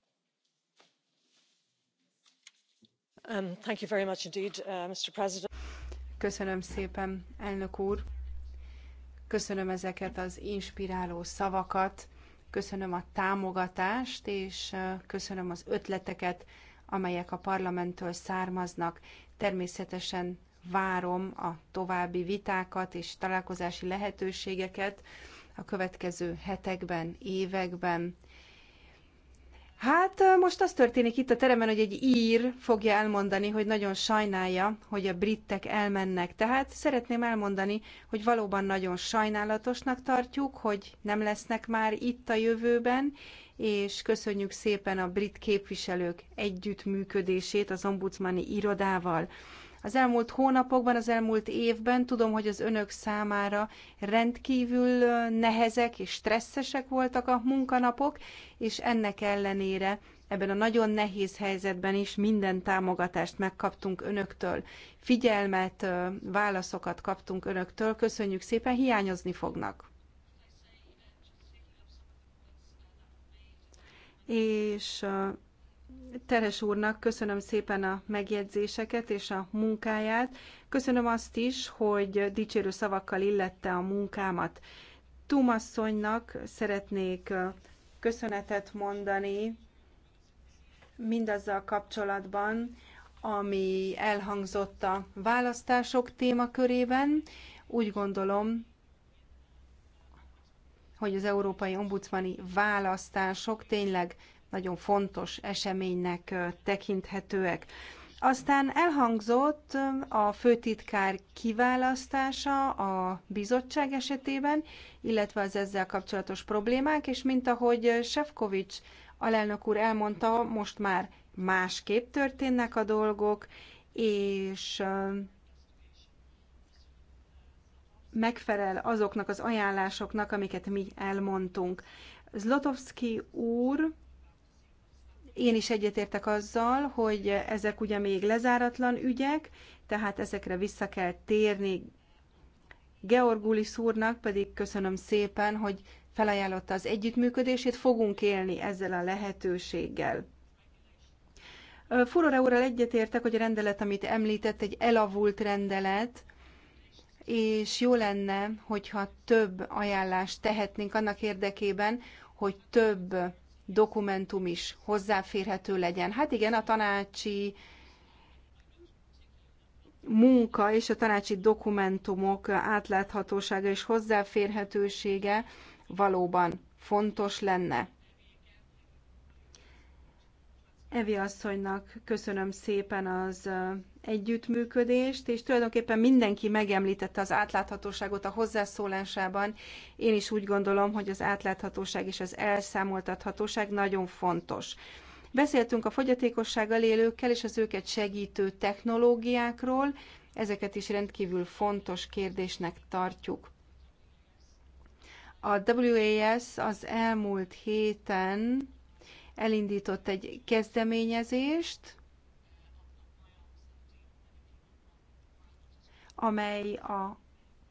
Speaker 1: Um, thank you very much indeed, uh, Mr. President. Köszönöm szépen, elnök úr. Köszönöm ezeket az inspiráló szavakat, köszönöm a támogatást, és köszönöm az ötleteket, amelyek a parlamenttől származnak. Természetesen várom a további vitákat és találkozási lehetőségeket a következő hetekben, években. Hát most az történik itt a teremben, hogy egy ír fogja elmondani, hogy nagyon sajnálja, hogy a brittek elmennek. Tehát szeretném elmondani, hogy valóban nagyon sajnálatosnak tartjuk, hogy nem lesznek már itt a jövőben, és köszönjük szépen a brit képviselők együttműködését az ombudsmani irodával. Az elmúlt hónapokban, az elmúlt évben tudom, hogy az önök számára rendkívül nehezek és stresszesek voltak a munkanapok, és ennek ellenére ebben a nagyon nehéz helyzetben is minden támogatást megkaptunk önöktől. Figyelmet, válaszokat kaptunk önöktől. Köszönjük szépen, hiányozni fognak. és Teres úrnak köszönöm szépen a megjegyzéseket és a munkáját. Köszönöm azt is, hogy dicsérő szavakkal illette a munkámat. Tumasszonynak szeretnék köszönetet mondani mindazzal kapcsolatban, ami elhangzott a választások témakörében. Úgy gondolom, hogy az európai ombudsmani választások tényleg nagyon fontos eseménynek tekinthetőek. Aztán elhangzott a főtitkár kiválasztása a bizottság esetében, illetve az ezzel kapcsolatos problémák, és mint ahogy Sefcovics alelnök úr elmondta, most már másképp történnek a dolgok, és megfelel azoknak az ajánlásoknak, amiket mi elmondtunk. Zlotowski úr, én is egyetértek azzal, hogy ezek ugye még lezáratlan ügyek, tehát ezekre vissza kell térni. Georgulis úrnak pedig köszönöm szépen, hogy felajánlotta az együttműködését, fogunk élni ezzel a lehetőséggel. Furora úrral egyetértek, hogy a rendelet, amit említett, egy elavult rendelet, és jó lenne, hogyha több ajánlást tehetnénk annak érdekében, hogy több dokumentum is hozzáférhető legyen. Hát igen, a tanácsi munka és a tanácsi dokumentumok átláthatósága és hozzáférhetősége valóban fontos lenne. Evi asszonynak köszönöm szépen az együttműködést, és tulajdonképpen mindenki megemlítette az átláthatóságot a hozzászólásában. Én is úgy gondolom, hogy az átláthatóság és az elszámoltathatóság nagyon fontos. Beszéltünk a fogyatékossággal élőkkel és az őket segítő technológiákról, ezeket is rendkívül fontos kérdésnek tartjuk. A WAS az elmúlt héten elindított egy kezdeményezést, amely a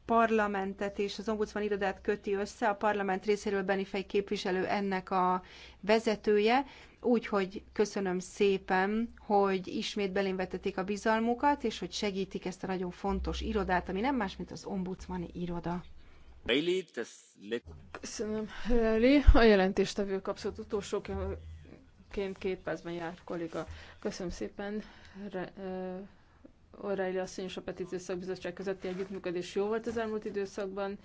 Speaker 1: parlamentet és az ombudsman irodát köti össze, a parlament részéről Benifej képviselő ennek a vezetője, úgyhogy köszönöm szépen, hogy ismét belém vetették a bizalmukat, és hogy segítik ezt a nagyon fontos irodát, ami nem más, mint az ombudsmani iroda. Köszönöm, Leli. A jelentéstevő
Speaker 3: kapszott utolsóként két percben jár kolléga. Köszönöm szépen, Re- O'Reilly asszony és a Petíciós Szakbizottság közötti együttműködés jó volt az elmúlt időszakban.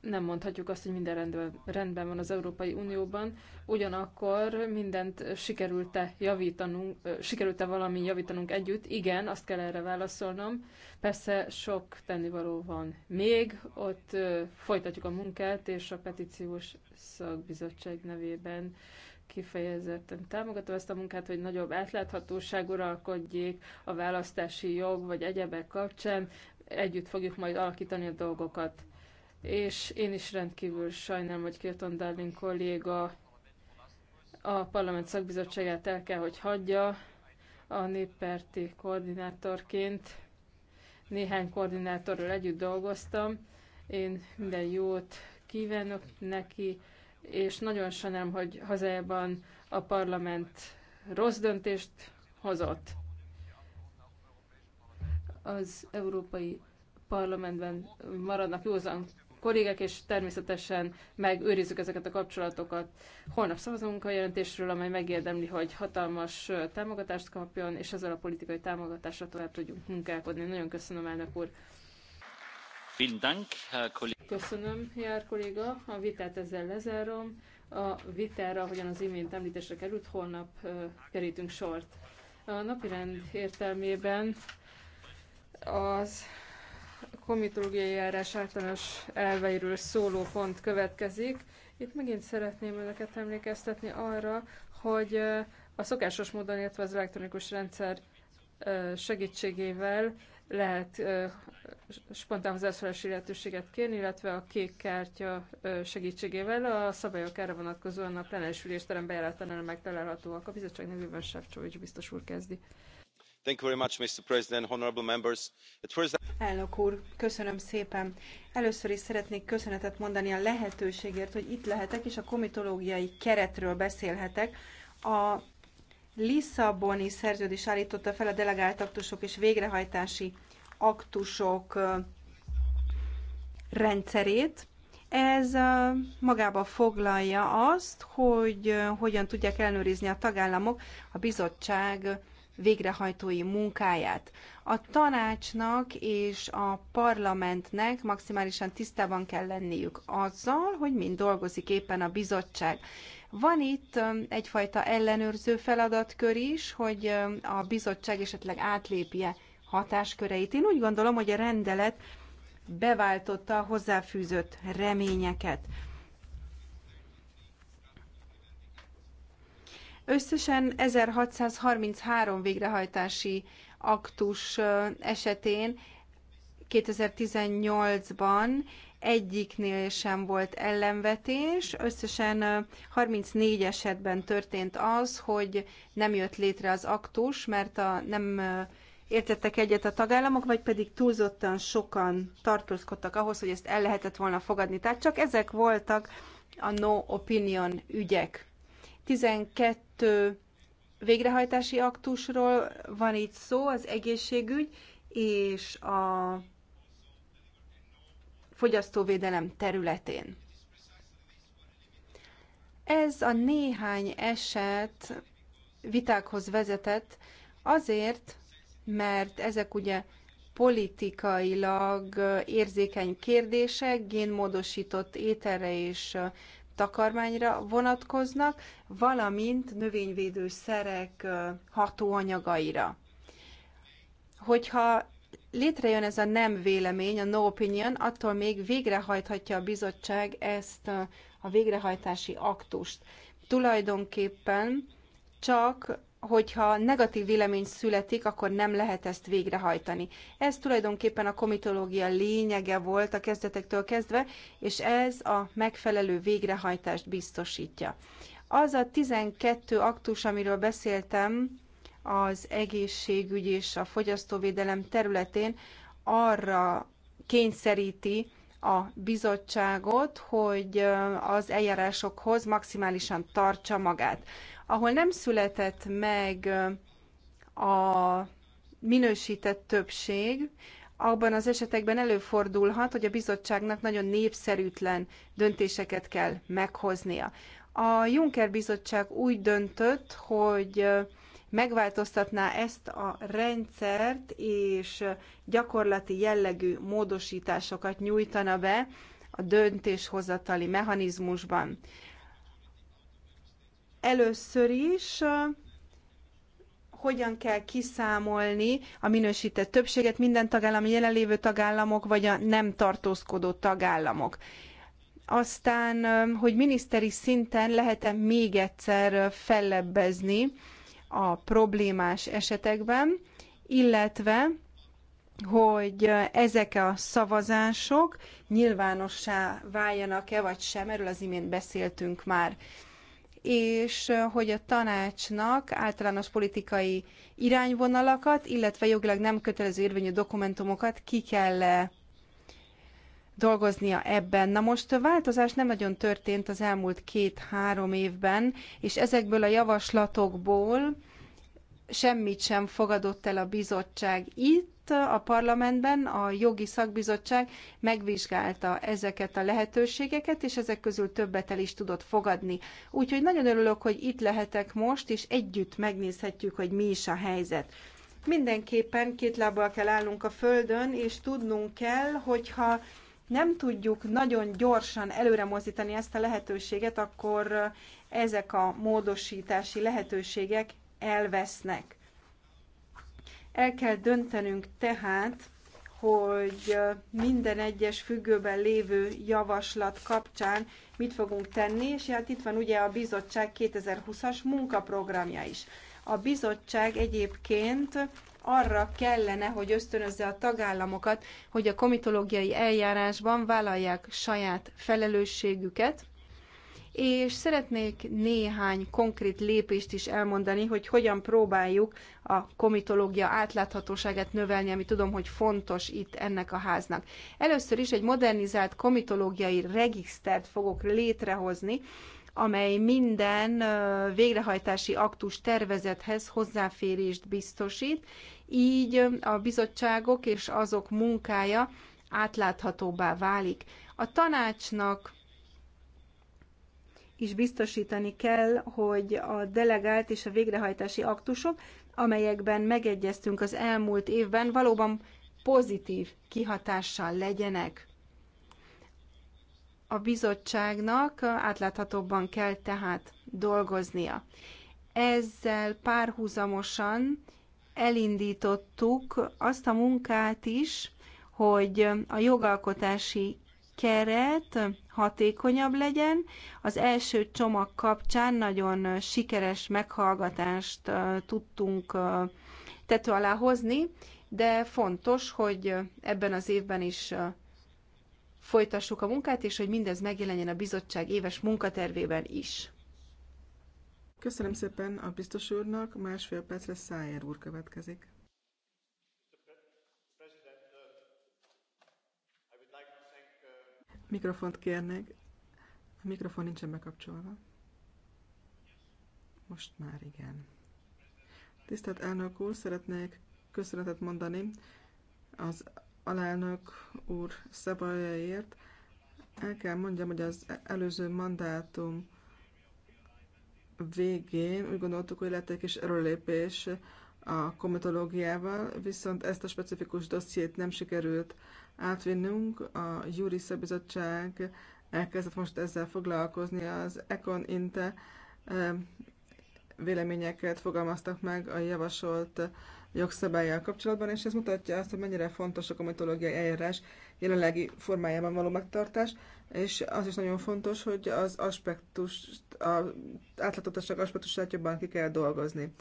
Speaker 3: Nem mondhatjuk azt, hogy minden rendben, rendben van az Európai Unióban, ugyanakkor mindent sikerült-e javítanunk, sikerült-e valami javítanunk együtt? Igen, azt kell erre válaszolnom. Persze sok tennivaló van még, ott folytatjuk a munkát, és a Petíciós Szakbizottság nevében kifejezetten támogatom ezt a munkát, hogy nagyobb átláthatóság uralkodjék a választási jog vagy egyebek kapcsán. Együtt fogjuk majd alakítani a dolgokat. És én is rendkívül sajnálom, hogy Kirton Darling kolléga a parlament szakbizottságát el kell, hogy hagyja a néppárti koordinátorként. Néhány koordinátorral együtt dolgoztam. Én minden jót kívánok neki és nagyon sajnálom, hogy hazájában a parlament rossz döntést hozott. Az Európai Parlamentben maradnak józan kollégek, és természetesen megőrizzük ezeket a kapcsolatokat. Holnap szavazunk a jelentésről, amely megérdemli, hogy hatalmas támogatást kapjon, és ezzel a politikai támogatásra tovább tudjunk munkálkodni. Nagyon köszönöm, elnök úr! Köszönöm, Jár kolléga. A vitát ezzel lezárom. A vitára, ahogyan az imént említésre került, holnap kerítünk sort. A napirend értelmében az komitológiai járás általános elveiről szóló pont következik. Itt megint szeretném önöket emlékeztetni arra, hogy a szokásos módon, illetve az elektronikus rendszer segítségével lehet ö, spontán hozzászólási lehetőséget kérni, illetve a kék kártya segítségével a szabályok erre vonatkozóan a plenáris ülésterem bejelentenél megtalálhatóak. A bizottság nevében Sefcsovics biztos úr kezdi.
Speaker 1: Thank you very much, Mr. President, honorable members. At first... Elnök úr, köszönöm szépen. Először is szeretnék köszönetet mondani a lehetőségért, hogy itt lehetek, és a komitológiai keretről beszélhetek. A Lisszaboni szerződés állította fel a delegált aktusok és végrehajtási aktusok rendszerét. Ez magába foglalja azt, hogy hogyan tudják ellenőrizni a tagállamok a bizottság végrehajtói munkáját. A tanácsnak és a parlamentnek maximálisan tisztában kell lenniük azzal, hogy mind dolgozik éppen a bizottság. Van itt egyfajta ellenőrző feladatkör is, hogy a bizottság esetleg átlépje hatásköreit. Én úgy gondolom, hogy a rendelet beváltotta a hozzáfűzött reményeket. Összesen 1633 végrehajtási aktus esetén 2018-ban egyiknél sem volt ellenvetés. Összesen 34 esetben történt az, hogy nem jött létre az aktus, mert a, nem értettek egyet a tagállamok, vagy pedig túlzottan sokan tartózkodtak ahhoz, hogy ezt el lehetett volna fogadni. Tehát csak ezek voltak a no opinion ügyek. 12 végrehajtási aktusról van itt szó, az egészségügy és a fogyasztóvédelem területén. Ez a néhány eset vitákhoz vezetett azért, mert ezek ugye politikailag érzékeny kérdések, génmódosított ételre és takarmányra vonatkoznak, valamint növényvédőszerek hatóanyagaira. Hogyha létrejön ez a nem vélemény, a no opinion, attól még végrehajthatja a bizottság ezt a, a végrehajtási aktust. Tulajdonképpen csak hogyha negatív vélemény születik, akkor nem lehet ezt végrehajtani. Ez tulajdonképpen a komitológia lényege volt a kezdetektől kezdve, és ez a megfelelő végrehajtást biztosítja. Az a 12 aktus, amiről beszéltem, az egészségügy és a fogyasztóvédelem területén arra kényszeríti a bizottságot, hogy az eljárásokhoz maximálisan tartsa magát. Ahol nem született meg a minősített többség, abban az esetekben előfordulhat, hogy a bizottságnak nagyon népszerűtlen döntéseket kell meghoznia. A Juncker bizottság úgy döntött, hogy megváltoztatná ezt a rendszert, és gyakorlati jellegű módosításokat nyújtana be a döntéshozatali mechanizmusban. Először is hogyan kell kiszámolni a minősített többséget minden tagállam, jelenlévő tagállamok, vagy a nem tartózkodó tagállamok aztán, hogy miniszteri szinten lehet-e még egyszer fellebbezni a problémás esetekben, illetve hogy ezek a szavazások nyilvánossá váljanak-e vagy sem, erről az imént beszéltünk már és hogy a tanácsnak általános politikai irányvonalakat, illetve jogilag nem kötelező érvényű dokumentumokat ki kell dolgoznia ebben. Na most a változás nem nagyon történt az elmúlt két-három évben, és ezekből a javaslatokból semmit sem fogadott el a bizottság. Itt a parlamentben a jogi szakbizottság megvizsgálta ezeket a lehetőségeket, és ezek közül többet el is tudott fogadni. Úgyhogy nagyon örülök, hogy itt lehetek most, és együtt megnézhetjük, hogy mi is a helyzet. Mindenképpen két lábbal kell állnunk a földön, és tudnunk kell, hogyha nem tudjuk nagyon gyorsan előre mozdítani ezt a lehetőséget, akkor ezek a módosítási lehetőségek elvesznek. El kell döntenünk tehát, hogy minden egyes függőben lévő javaslat kapcsán mit fogunk tenni, és hát itt van ugye a bizottság 2020-as munkaprogramja is. A bizottság egyébként arra kellene, hogy ösztönözze a tagállamokat, hogy a komitológiai eljárásban vállalják saját felelősségüket, és szeretnék néhány konkrét lépést is elmondani, hogy hogyan próbáljuk a komitológia átláthatóságát növelni, ami tudom, hogy fontos itt ennek a háznak. Először is egy modernizált komitológiai regisztert fogok létrehozni, amely minden végrehajtási aktus tervezethez hozzáférést biztosít, így a bizottságok és azok munkája átláthatóbbá válik. A tanácsnak is biztosítani kell, hogy a delegált és a végrehajtási aktusok, amelyekben megegyeztünk az elmúlt évben, valóban pozitív kihatással legyenek. A bizottságnak átláthatóbban kell tehát dolgoznia. Ezzel párhuzamosan elindítottuk azt a munkát is, hogy a jogalkotási keret hatékonyabb legyen. Az első csomag kapcsán nagyon sikeres meghallgatást tudtunk tető alá hozni, de fontos, hogy ebben az évben is folytassuk a munkát, és hogy mindez megjelenjen a bizottság éves munkatervében is.
Speaker 2: Köszönöm szépen a biztos úrnak, másfél percre Szájer úr következik. Mikrofont kérnék. A mikrofon nincsen bekapcsolva. Most már igen. Tisztelt elnök úr, szeretnék köszönetet mondani az alelnök úr szabályaiért. El kell mondjam, hogy az előző mandátum végén úgy gondoltuk, hogy lett egy kis erőlépés a komitológiával, viszont ezt a specifikus dossziét nem sikerült átvinnünk. A Júri Szabizottság elkezdett most ezzel foglalkozni. Az Econ Inte eh, véleményeket fogalmaztak meg a javasolt jogszabályjal kapcsolatban, és ez mutatja azt, hogy mennyire fontos a komitológiai eljárás jelenlegi formájában való megtartás, és az is nagyon fontos, hogy az aspektus, az átláthatóság aspektusát jobban ki kell dolgozni.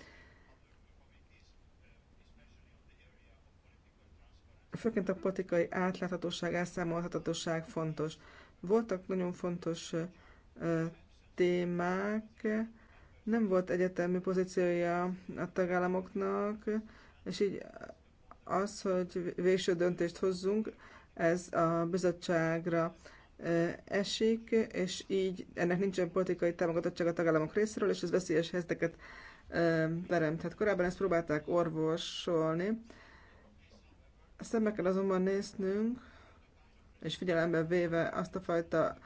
Speaker 2: Főként a politikai átláthatóság, elszámolhatatóság fontos. Voltak nagyon fontos témák, nem volt egyetemű pozíciója a tagállamoknak, és így az, hogy végső döntést hozzunk, ez a bizottságra esik, és így ennek nincsen politikai támogatottság a tagállamok részéről, és ez veszélyes helyzeteket teremthet. Korábban ezt próbálták orvosolni. Szembe kell azonban néznünk, és figyelembe véve azt a fajta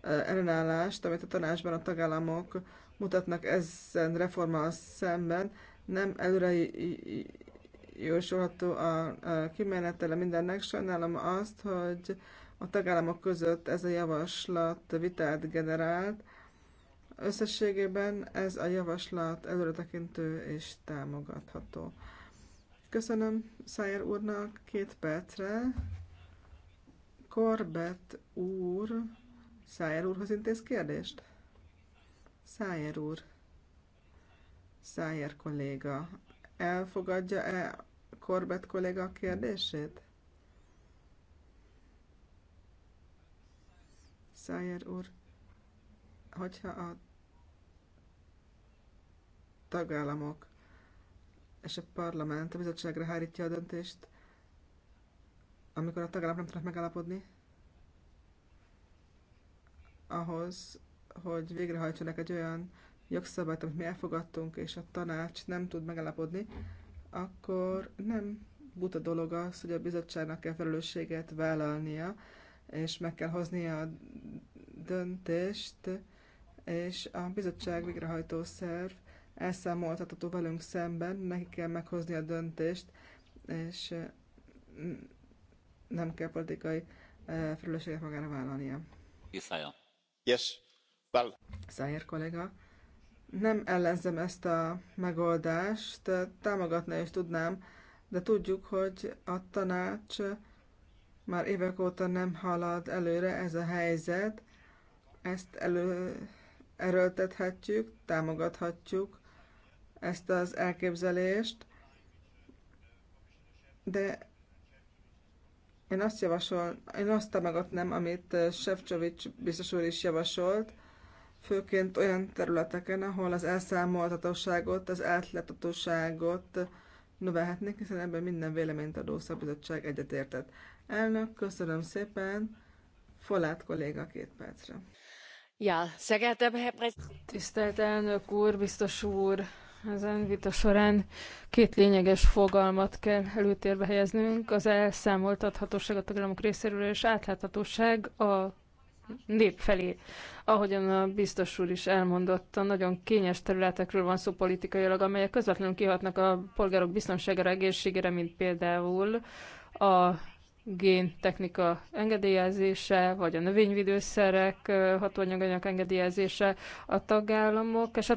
Speaker 2: ellenállást, amit a tanácsban a tagállamok mutatnak ezen reforma szemben. Nem előre jósolható a kimenetele mindennek. Sajnálom azt, hogy a tagállamok között ez a javaslat vitát generált. Összességében ez a javaslat előretekintő és támogatható. Köszönöm Szájer úrnak két percre. Korbett úr, Szájer úrhoz intéz kérdést? Szájer úr, Szájer kolléga, elfogadja-e Korbett kolléga a kérdését? Szájer úr, hogyha a tagállamok és a parlament a bizottságra hárítja a döntést, amikor a tagállamok nem tudnak megállapodni, ahhoz hogy végrehajtsanak egy olyan jogszabályt, amit mi elfogadtunk, és a tanács nem tud megállapodni, akkor nem buta dolog az, hogy a bizottságnak kell felelősséget vállalnia, és meg kell hoznia a döntést, és a bizottság végrehajtó szerv elszámoltatható velünk szemben, neki kell meghozni a döntést, és nem kell politikai felelősséget magára vállalnia.
Speaker 1: Yes. Well.
Speaker 2: Szájer kollega, nem ellenzem ezt a megoldást, támogatni is tudnám, de tudjuk, hogy a tanács már évek óta nem halad előre ez a helyzet, ezt elő, erőltethetjük, támogathatjuk ezt az elképzelést, de én azt javasol, én azt támogatnám, amit Sefcovics biztos úr is javasolt, főként olyan területeken, ahol az elszámoltatosságot, az átláthatóságot növelhetnék, hiszen ebben minden véleményt adó szabizottság egyetértett. Elnök, köszönöm szépen, Folát kolléga két percre.
Speaker 3: Ja, Tisztelt elnök úr, biztos úr, ezen vita során két lényeges fogalmat kell előtérbe helyeznünk, az elszámoltathatóság a tagállamok részéről és átláthatóság a nép felé. Ahogyan a biztos úr is elmondotta, nagyon kényes területekről van szó politikailag, amelyek közvetlenül kihatnak a polgárok biztonságára, egészségére, mint például a géntechnika engedélyezése, vagy a növényvédőszerek hatóanyaganyag engedélyezése a tagállamok, esetleg